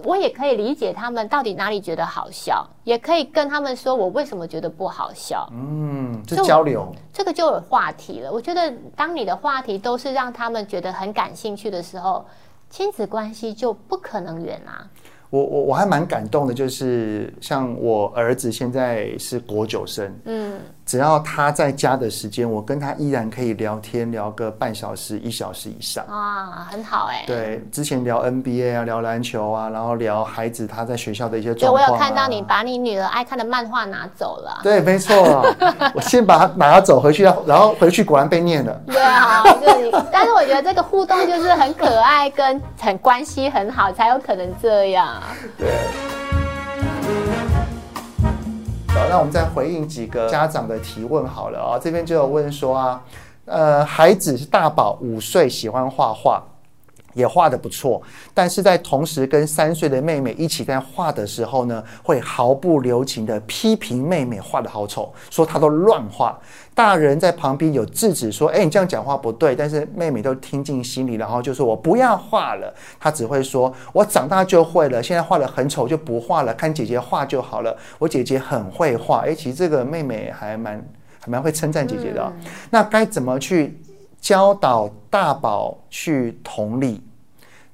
我也可以理解他們到底哪裡覺得好笑，也可以跟他們說我為什麼覺得不好笑。嗯，這交流，這個就有話題了。我覺得，當你的話題都是讓他們覺得很感興趣的時候，親子關係就不可能遠啊。我我我還蠻感動的，就是像我兒子現在是國九生，嗯。只要他在家的時間，我跟他依然可以聊天，聊個半小時、一小時以上。啊，很好哎、欸。對，之前聊 NBA 啊，聊籃球啊，然後聊孩子他在學校的一些狀況、啊、對、我有看到你把你女兒愛看的漫畫拿走了。對，沒錯、啊。 我先把它拿走回去，然後回去果然被念了。對啊，就是、 但是我覺得這個互動就是很可愛，跟很關係很好，才有可能這樣。對。那我們再回應幾個家長的提問好了啊、哦，這邊就有問說啊，呃，孩子是大寶，五歲，喜歡畫畫。也畫的不錯，但是在同時跟三歲的妹妹一起在畫的時候呢，會毫不留情的批評妹妹畫的好醜，說她都亂畫。大人在旁邊有制止說：“哎、欸，你這樣講話不對。”但是妹妹都聽進心裡，然後就說：“我不要畫了。”她只會說：“我長大就會了，現在畫的很醜就不畫了，看姐姐畫就好了。”我姐姐很會畫。哎、欸，其實這個妹妹還蠻、還蠻會稱讚姐姐的。嗯、那該怎麼去教導大寶去同理？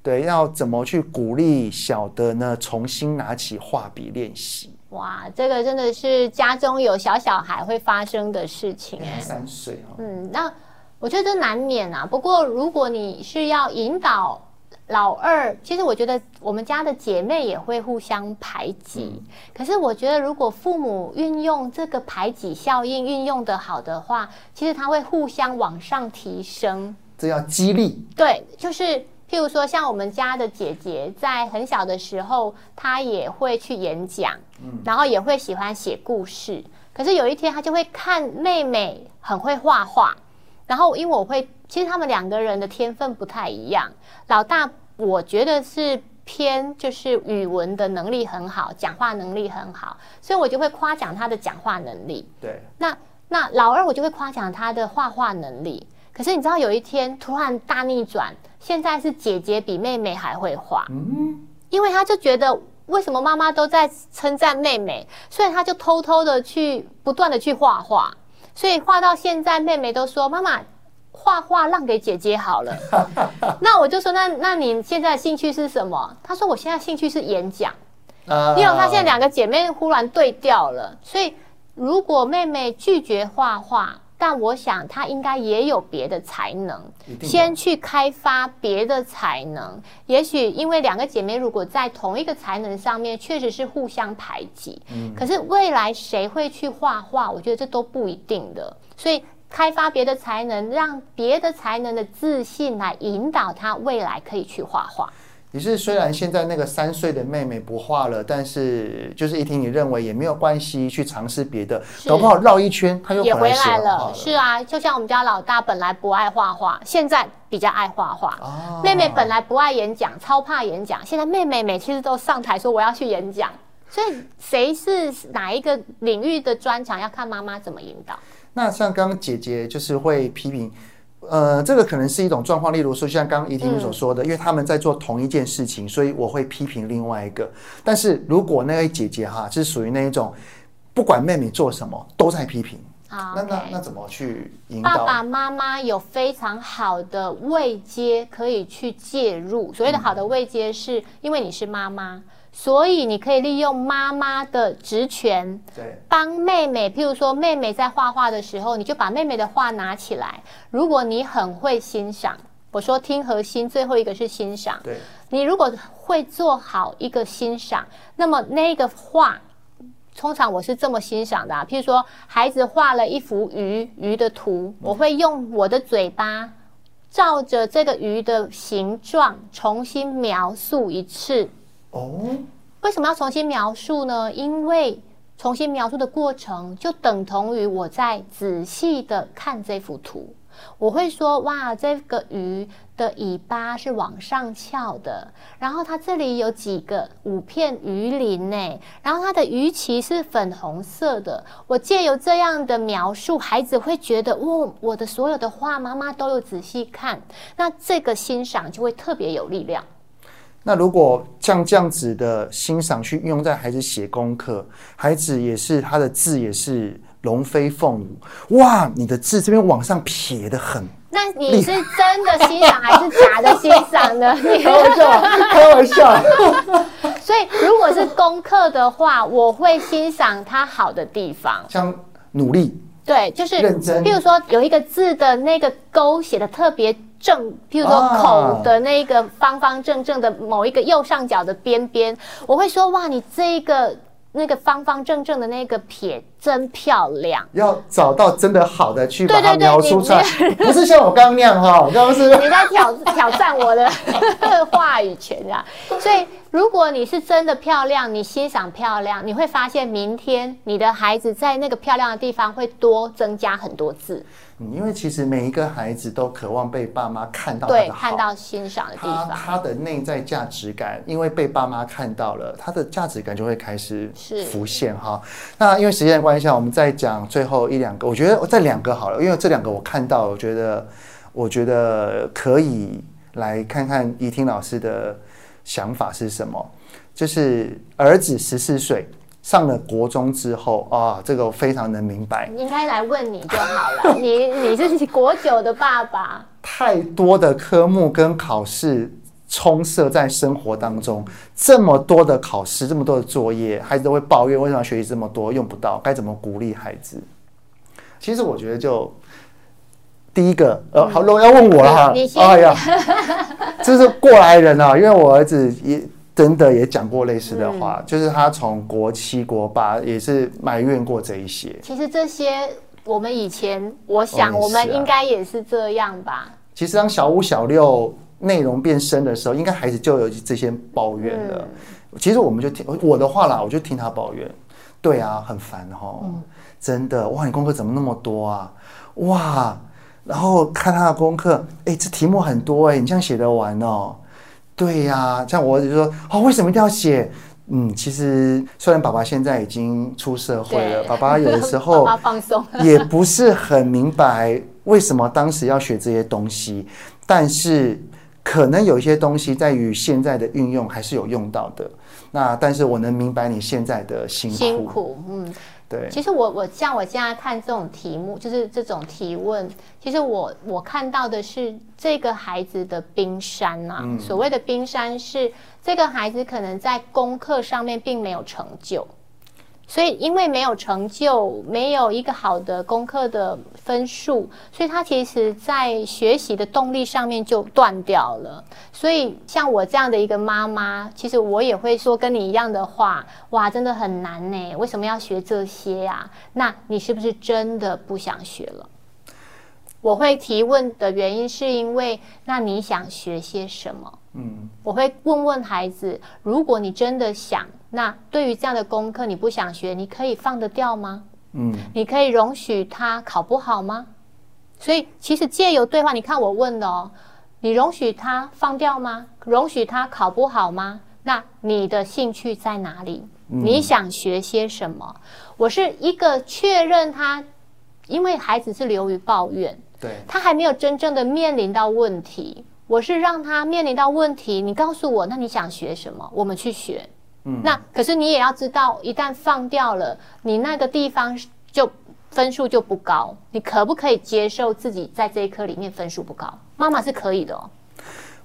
對，要怎麼去鼓勵小的呢？重新拿起畫筆練習。哇，這個真的是家中有小小孩會發生的事情。三歲哦，嗯，那我覺得這難免啊。不過如果你是要引導老二，其實我覺得我們家的姐妹也會互相排擠。嗯、可是我覺得，如果父母運用這個排擠效應運用得好的話，其實他會互相往上提升。這叫激勵。對，就是。譬如說，像我們家的姐姐，在很小的時候，她也會去演講，嗯、然後也會喜歡寫故事。可是有一天，她就會看妹妹很會畫畫。然後，因為我會，其實他們兩個人的天分不太一樣。老大，我覺得是偏就是語文的能力很好，講話能力很好，所以我就會誇獎她的講話能力。對。那那老二，我就會誇獎她的畫畫能力。可是你知道有一天突然大逆轉，現在是姐姐比妹妹還會畫，嗯、哼因為他就覺得為什麼媽媽都在稱讚妹妹，所以他就偷偷的去不斷的去畫畫，所以畫到現在妹妹都說，媽媽畫畫讓給姐姐好了。 那我就說，那那你現在的興趣是什麼？他說我現在興趣是演講。 因為他現在兩個姐妹忽然對調了，所以如果妹妹拒絕畫畫，但我想，她應該也有別的才能，先去開發別的才能。也許因為兩個姐妹如果在同一個才能上面，確實是互相排擠。可是未來誰會去畫畫？我覺得這都不一定的。所以開發別的才能，讓別的才能的自信來引導她未來可以去畫畫。也是雖然現在那個三歲的妹妹不畫了，但是就是一聽你認為也沒有關係，去嘗試別的，是搞不好繞一圈她又回來了。是啊，就像我們家老大本來不愛畫畫，現在比較愛畫畫；啊、妹妹本來不愛演講，超怕演講，現在妹妹每次都上台說我要去演講。所以誰是哪一個領域的專長，要看媽媽怎麼引導。那像剛剛姐姐就是會批評。呃，這個可能是一種狀況，例如說，像剛剛儀婷所說的，嗯、因為他們在做同一件事情，所以我會批評另外一個。但是如果那位姐姐哈是屬於那一種，不管妹妹做什麼，都在批評，好 okay，那那那怎麼去引導？爸爸媽媽有非常好的位階可以去介入。所謂的好的位階是因為你是媽媽。嗯所以你可以利用媽媽的職權，對，幫妹妹。對譬如說，妹妹在畫畫的時候，你就把妹妹的畫拿起來。如果你很會欣賞，我說聽核心，最後一個是欣賞。對，你如果會做好一個欣賞，那麼那個畫，通常我是這麼欣賞的啊，譬如說，孩子畫了一幅魚魚的圖，嗯、我會用我的嘴巴照着這個魚的形狀重新描述一次。哦，為什麼要重新描述呢？因為重新描述的過程，就等同於我在仔細的看這幅圖。我會說：“哇，這個魚的尾巴是往上翹的，然後它這裡有幾個五片魚鱗誒，然後它的魚鰭是粉紅色的。”我借由這樣的描述，孩子會覺得：“哦，我的所有的畫，媽媽都有仔細看。”那這個欣賞就會特別有力量。那如果像這樣子的欣賞去運用在孩子寫功課，孩子也是，他的字也是龍飛鳳舞，哇，你的字這邊往上撇得很，那你是真的欣賞還是假的欣賞呢？你開玩笑，開玩笑。 所以如果是功課的話，我會欣賞他好的地方，像努力，對，就是認真。比如說有一個字的那個勾寫得特別。正，譬如說口的那個方方正正的某一個右上角的邊邊，我會說，哇，你這個那個方方正正的那個撇真漂亮。要找到真的好的去把它描出來。對對對，不是像我剛剛那樣哈，我剛剛是你在挑 挑戰我的話語權啊。所以如果你是真的漂亮，你欣賞漂亮，你會發現明天你的孩子在那個漂亮的地方會多增加很多字。因為其實每一個孩子都渴望被爸媽看到的好，對，看到欣賞的地方他，他的內在價值感，因為被爸媽看到了，他的價值感就會開始浮現是哈。那因為時間關係，我們再講最後一兩個，我覺得我再兩個好了，因為這兩個我看到，我覺得我覺得可以來看看儀婷老師的想法是什麼？就是兒子十四歲。上了國中之後啊，這個我非常能明白。應該來問你就好了， 你你是國九的爸爸。太多的科目跟考試充塞在生活當中，這麼多的考試，這麼多的作業，孩子都會抱怨：為什麼學習這麼多，用不到？該怎麼鼓勵孩子？其實我覺得就，就第一個，呃，好了，要問我了哈。哎呀， 這是過來人了啊，因為我兒子也真的也講過類似的話，嗯、就是他從國七國八也是埋怨過這一些。其實這些我們以前，我想我們應該也是這樣吧、哦啊。其實當小五小六內容變深的時候，嗯、應該孩子就有這些抱怨了。嗯、其實我們就聽我的話啦，我就聽他抱怨。對啊，很煩哦。嗯、真的哇，你功課怎麼那麼多啊？哇，然後看他的功課，哎、欸，這題目很多哎、欸，你這樣寫得完哦、喔？對呀、啊，像我就說，哦，為什麼一定要寫？嗯，其實雖然爸爸現在已經出社會了，對爸爸有的時候也不是很明白為什麼當時要學這些東西，嗯、但是可能有一些東西在於現在的運用還是有用到的。那但是我能明白你現在的辛苦，辛苦，嗯。對其實我我像我現在看這種題目，就是這種提問，其實我我看到的是這個孩子的冰山吶、啊。嗯、所謂的冰山是這個孩子可能在功課上面並沒有成就。所以，因為沒有成就，沒有一個好的功課的分數，所以他其實，在學習的動力上面就斷掉了。所以，像我這樣的一個媽媽，其實我也會說跟你一樣的話，哇，真的很難呢、欸。為什麼要學這些啊？那你是不是真的不想學了？我會提問的原因是因為，那你想學些什麼？嗯，我會問問孩子，如果你真的想。那對於這樣的功課，你不想學，你可以放得掉嗎？嗯，你可以容許他考不好嗎？所以其實借由對話，你看我問的哦，你容許他放掉嗎？容許他考不好嗎？那你的興趣在哪裡？嗯，你想學些什麼？我是一個確認他，因為孩子是流於抱怨，對，他還沒有真正的面臨到問題。我是讓他面臨到問題，你告訴我，那你想學什麼？我們去學。嗯，那可是你也要知道，一旦放掉了，你那個地方就分數就不高。你可不可以接受自己在這一科裡面分數不高？媽媽是可以的哦、喔。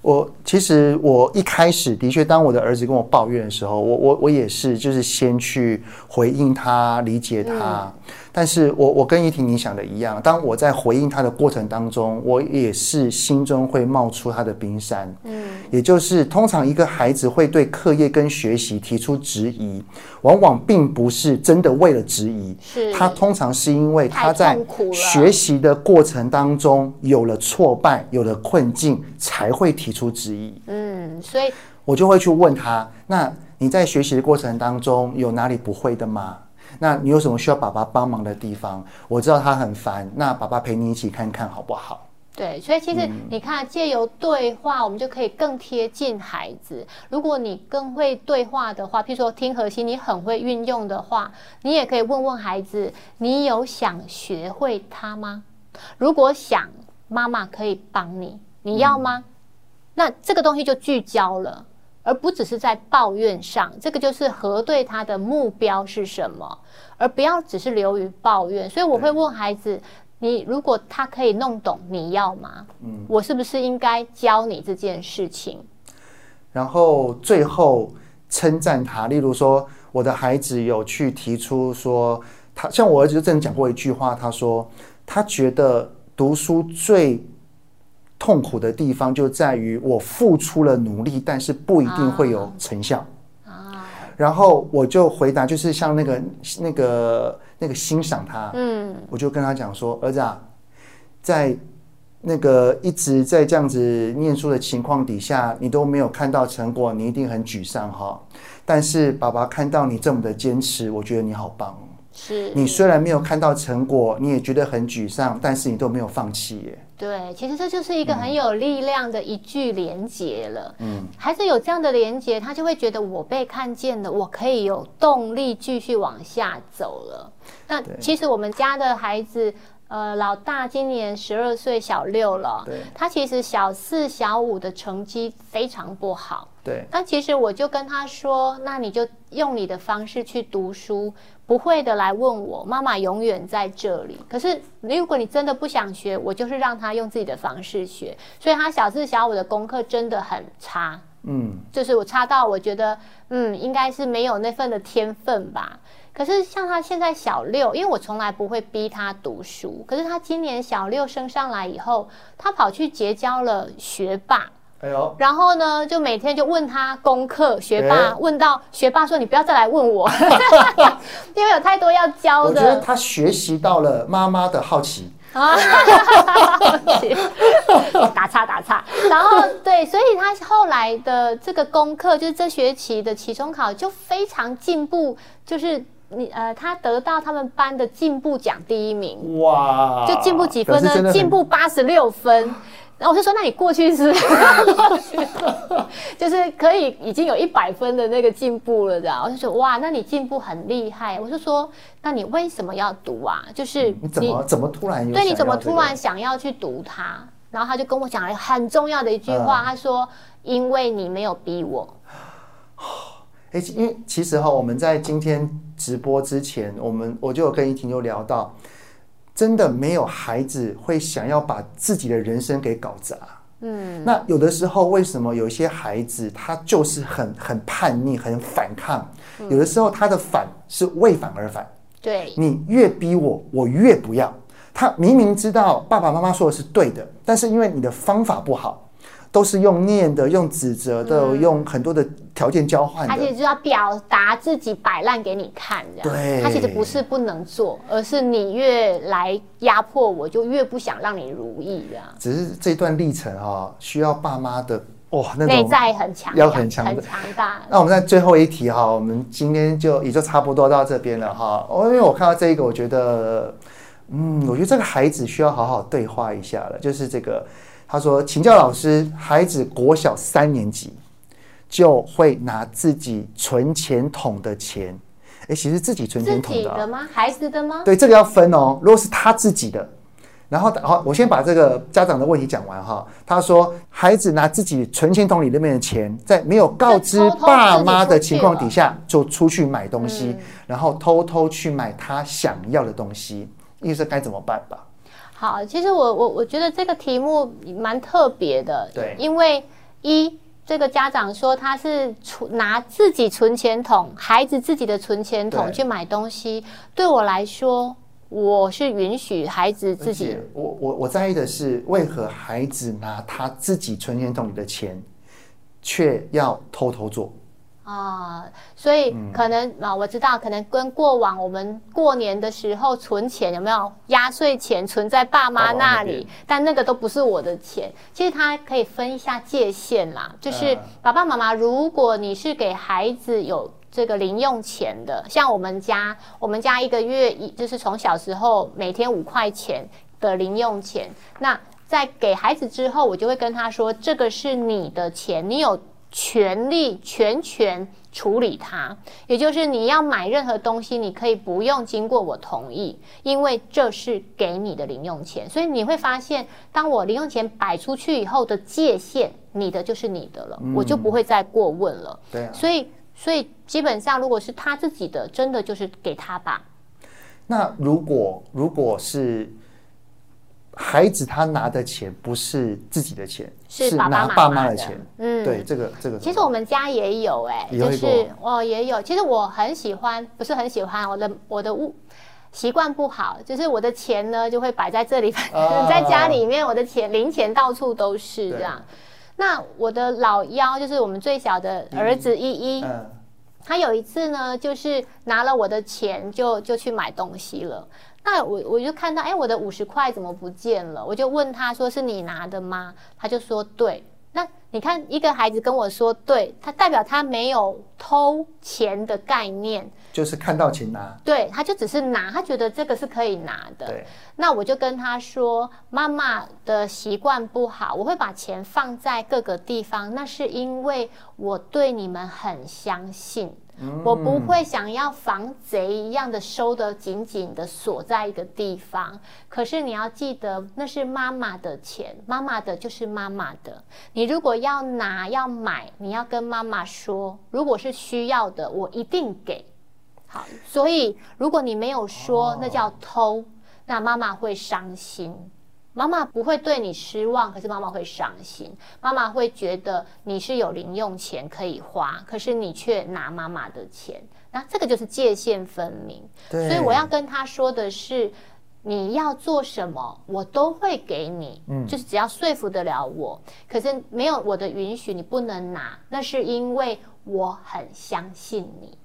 我其實我一開始的確，當我的兒子跟我抱怨的時候，我我我也是，就是先去回應他，理解他。嗯。但是我我跟儀婷你想的一樣，當我在回應他的過程當中，我也是心中會冒出他的冰山，嗯，也就是通常一個孩子會對課業跟學習提出質疑，往往並不是真的為了質疑，是，他通常是因為他在學習的過程當中有了挫敗，有了困境，才會提出質疑，嗯，所以，我就會去問他，那你在學習的過程當中有哪裡不會的嗎？那你有什麼需要爸爸幫忙的地方？我知道他很煩，那爸爸陪你一起看看好不好？對，所以其實你看，借、嗯、由對話，我們就可以更貼近孩子。如果你更會對話的話，譬如說聽核心，你很會運用的話，你也可以問問孩子：你有想學會他嗎？如果想，媽媽可以幫你，你要嗎？嗯、那這個東西就聚焦了。而不只是在抱怨上，這個就是核對他的目標是什麼，而不要只是流於抱怨。所以我會問孩子：“對你如果他可以弄懂，你要嗎？嗯，我是不是應該教你這件事情？”然後最後稱讚他，例如說，我的孩子有去提出說他，他像我兒子就曾經講過一句話，他說他覺得讀書最痛苦的地方就在於我付出了努力，但是不一定會有成效。啊，然後我就回答，就是像那個、那個、那個欣賞他。嗯，我就跟他講說，兒子啊，在那個一直在這樣子念書的情況底下，你都沒有看到成果，你一定很沮喪哈。但是爸爸看到你這麼的堅持，我覺得你好棒。是你雖然沒有看到成果，你也覺得很沮喪，但是你都沒有放棄耶。對，其實這就是一個很有力量的一句連結了。嗯，嗯、孩子有這樣的連結，他就會覺得我被看見了，我可以有動力繼續往下走了。那其實我們家的孩子，對呃，老大今年十二歲，小六了。對，他其實小四、小五的成績非常不好。對，但其實我就跟他說，那你就用你的方式去讀書。不會的，來問我，媽媽永遠在這裡。可是如果你真的不想學，我就是讓他用自己的方式學。所以他小四、小五的功課真的很差，嗯，就是我差到我覺得，嗯，應該是沒有那份的天分吧。可是像他現在小六，因為我從來不會逼他讀書，可是他今年小六升上來以後，他跑去結交了學霸。哎呦！然後呢，就每天就問他功課，學霸問到學霸說：“你不要再來問我，欸、 因為有太多要教的。”我覺得他學習到了媽媽的好奇啊，好奇， 打岔打岔。然後對，所以他後來的這個功課，就是這學期的期中考就非常進步。就是你呃，他得到他們班的進步獎第一名哇，就進步幾分呢？進步八十六分。然後我就說：“那你過去是， 就是可以已經有一百分的那個進步了，的我就說：“哇，那你進步很厲害。”我就說：“那你為什麼要讀啊？就是你、嗯、你怎麼怎麼突然、這個？對，你怎麼突然想要去讀它？”然後他就跟我講了很重要的一句話：“嗯、他說，因為你沒有逼我。”哎，因為其實哈、哦，我們在今天直播之前，我們我就有跟儀婷就聊到。真的沒有孩子會想要把自己的人生給搞砸，啊，嗯。那有的時候為什麼有一些孩子他就是很很叛逆，很反抗？有的時候他的反是為反而反，對、嗯、你越逼我，我越不要。他明明知道爸爸媽媽說的是對的，但是因為你的方法不好。都是用念的，用指責的，嗯、用很多的條件交換的。他其實就要表達自己擺爛給你看的。對，他其實不是不能做，而是你越來壓迫我就越不想讓你如意呀。只是這段歷程哈、哦，需要爸媽的哇、哦、那內在很強要很強很強大。那我們在最後一題哈、哦，我們今天就也就差不多到這邊了哈、哦。我因為我看到這一個，我覺得，嗯，我覺得這個孩子需要好好對話一下了。就是這個。他說：“請教老師，孩子國小三年級就會拿自己存錢筒的錢，誒，其實自己存錢筒的，哦，的嗎？孩子的嗎？對，這個要分哦。如果是他自己的，然後，然，哦，我先把這個家長的問題講完哈，哦。他說，孩子拿自己存錢筒裡那邊的錢，在沒有告知爸媽的情況底下，偷偷出就出去買東西，嗯，然後偷偷去買他想要的東西，意思該怎麼辦吧？”好，其實我我我覺得這個題目蠻特別的，對，因為一這個家長說他是存拿自己存錢筒，孩子自己的存錢筒去買東西，對，對我來說，我是允許孩子自己。我我我在意的是，為何孩子拿他自己存錢筒裡的錢，卻要偷偷做？啊，uh, 所以可能、嗯、啊，我知道可能跟過往我們過年的時候存錢，有沒有壓歲錢存在爸媽那裡，爸爸那邊但那個都不是我的錢。其實他可以分一下界限啦，就是爸爸媽媽，如果你是給孩子有這個零用錢的，嗯、像我們家，我們家一個月一就是從小時候每天五塊錢的零用錢，那在給孩子之後，我就會跟他說，這個是你的錢，你有。權利全權處理他，也就是你要買任何東西，你可以不用經過我同意，因為這是給你的零用錢。所以你會發現，當我零用錢擺出去以後的界限，你的就是你的了，嗯，我就不會再過問了。對啊，所以，所以基本上，如果是他自己的，真的就是給他吧。那如果，如果是？孩子他拿的錢不是自己的錢，是拿爸，爸媽，媽的錢。嗯，對，這個這個。其實我們家也有哎、欸，就是我也有。其實我很喜歡，不是很喜歡我的我的物習慣不好，就是我的錢呢就會擺在這裡，啊、 在家裡面我的錢對零錢到處都是這樣。那我的老幺就是我們最小的兒子依依，嗯嗯、他有一次呢就是拿了我的錢就就去買東西了。那我我就看到，哎、欸，我的五十塊怎麼不見了？我就問他說：“是你拿的嗎？”他就說：“對。”那你看，一個孩子跟我說：“對。”他代表他沒有偷錢的概念，就是看到錢拿。對，他就只是拿，他覺得這個是可以拿的。對。那我就跟他說：“媽媽的習慣不好，我會把錢放在各個地方，那是因為我對你們很相信。”我不會想要防賊一樣的收得緊緊的鎖在一個地方。可是你要記得，那是媽媽的錢，媽媽的就是媽媽的。你如果要拿要買，你要跟媽媽說。如果是需要的，我一定給。好，所以如果你沒有說，那叫偷，那媽媽會傷心。媽媽不會對你失望，可是媽媽會傷心。媽媽會覺得你是有零用錢可以花，可是你卻拿媽媽的錢，那這個就是界限分明。對所以我要跟他說的是，你要做什麼，我都會給你，嗯，就是只要說服得了我。可是沒有我的允許，你不能拿。那是因為我很相信你，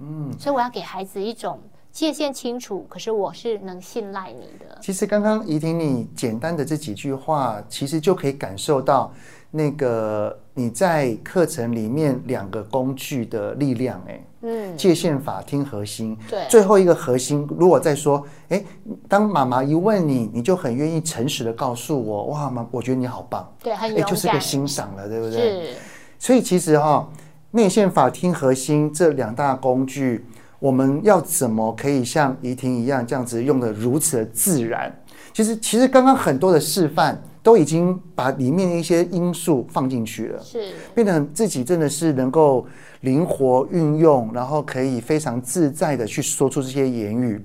嗯，所以我要給孩子一種。界限清楚，可是我是能信賴你的。其實剛剛怡婷你簡單的這幾句話，其實就可以感受到那個你在課程裡面兩個工具的力量。誒，嗯，界限法聽核心，對，最後一個核心，如果再說，誒，當媽媽一問你，你就很願意誠實的告訴我，哇，媽，我覺得你好棒，對，就是個欣賞了，對不對？是。所以其實哈、哦，內線法聽核心這兩大工具。我們要怎麼可以像儀婷一樣這樣子用得如此的自然？其實，其實剛剛很多的示範都已經把裡面一些因素放進去了，是變成自己真的是能夠靈活運用，然後可以非常自在地去說出這些言語。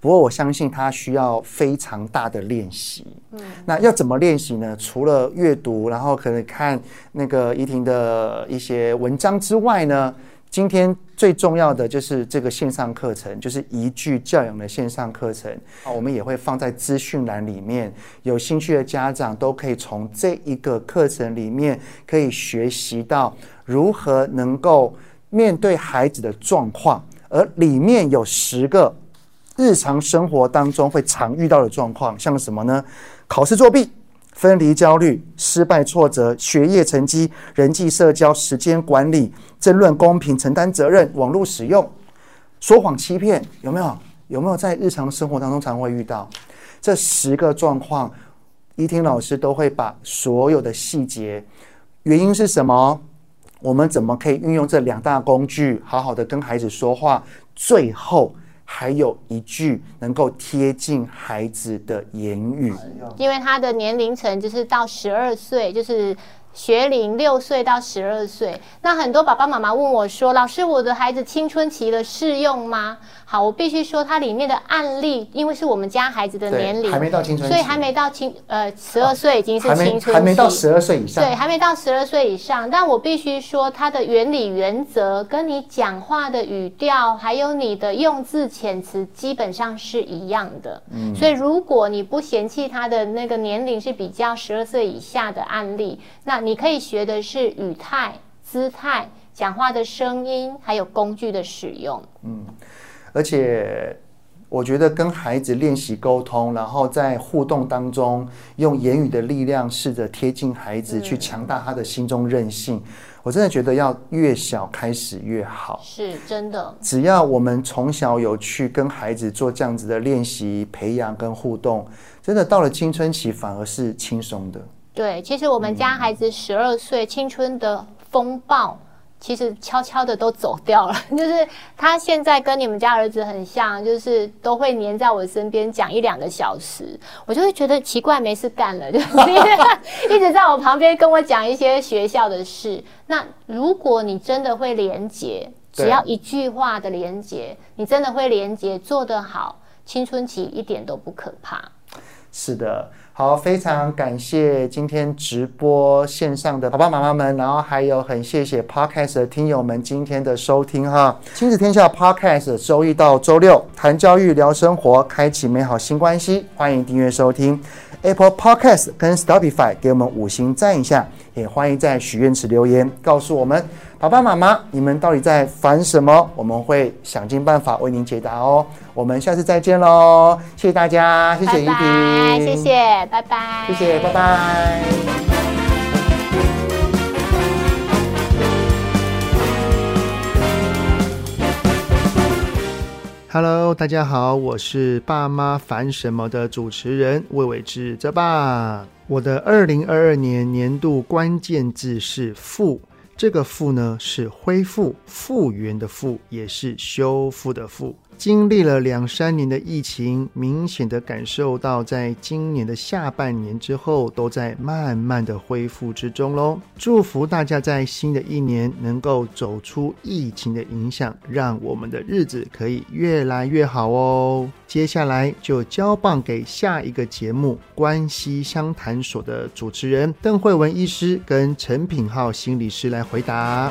不過，我相信他需要非常大的練習。嗯，那要怎麼練習呢？除了閱讀，然後可能看那個儀婷的一些文章之外呢？今天最重要的就是這個線上課程，就是一句教養的線上課程啊，我們也會放在資訊欄裡面，有興趣的家長都可以從這一個課程裡面可以學習到如何能夠面對孩子的狀況，而裡面有十個日常生活當中會常遇到的狀況，像什麼呢？考試作弊。分離焦慮、失敗挫折、學業成績、人際社交、時間管理、爭論公平、承擔責任、網絡使用、說謊欺騙，有沒有？有沒有在日常生活當中常會遇到這十個狀況？儀婷老師都會把所有的細節、原因是什麼，我們怎麼可以運用這兩大工具，好好的跟孩子說話？最後。還有一句能夠貼近孩子的言語，因為他的年齡層就是到十二歲，就是學齡六歲到十二歲。那很多爸爸媽媽問我說：“老師，我的孩子青春期了，適用嗎？”好，我必須說，它裡面的案例，因為是我們家孩子的年齡，還沒到青春期，所以還沒到青，呃，十二歲已經是青春期，啊，還沒，還沒到十二歲以上，對，還沒到十二歲以上。但我必須說，它的原理、原則，跟你講話的語調，還有你的用字遣詞，基本上是一樣的。嗯，所以如果你不嫌棄他的那個年齡是比較十二歲以下的案例，那你可以學的是語態、姿態、講話的聲音，還有工具的使用。嗯。而且，我覺得跟孩子練習溝通，然後在互動當中用言語的力量，試着貼近孩子，去強大他的心中韌性。嗯、我真的覺得要越小開始越好，是真的。只要我們從小有去跟孩子做這樣子的練習、培養跟互動，真的到了青春期反而是輕鬆的。對，其實我們家孩子十二歲，嗯、青春的風暴。其實悄悄的都走掉了，就是他現在跟你們家兒子很像，就是都會黏在我身邊講一兩個小時，我就會覺得奇怪，沒事幹了，就 一直在我旁邊跟我講一些學校的事。那如果你真的會連接，只要一句話的連接，啊、你真的會連接做得好，青春期一點都不可怕。是的。好，非常感謝今天直播線上的爸爸媽媽們，然後還有很謝謝 Podcast 的聽友們今天的收聽哈。親子天下 Podcast 週一到週六談教育聊生活，開啟美好新關係，歡迎訂閱收聽 Apple Podcast 跟 Spotify，給我們五星讚一下，也歡迎在許願池留言告訴我們。爸爸媽媽，你們到底在煩什麼？我們會想盡辦法為您解答哦。我們下次再見嘍！謝謝大家，謝謝儀婷，拜拜，謝謝，拜拜，謝謝，拜拜。拜拜 Hello，大家好，我是《爸媽煩什麼》的主持人魏瑋志，澤爸，我的二零二二年年度關鍵字是富。這個復呢，是恢復、復原的復，也是修復的復。經歷了兩三年的疫情，明顯的感受到，在今年的下半年之後，都在慢慢的恢復之中嘍。祝福大家在新的一年能夠走出疫情的影響，讓我們的日子可以越來越好哦。接下來就交棒給下一個節目關係相談所的主持人鄧惠文醫師跟陳品浩心理師來回答。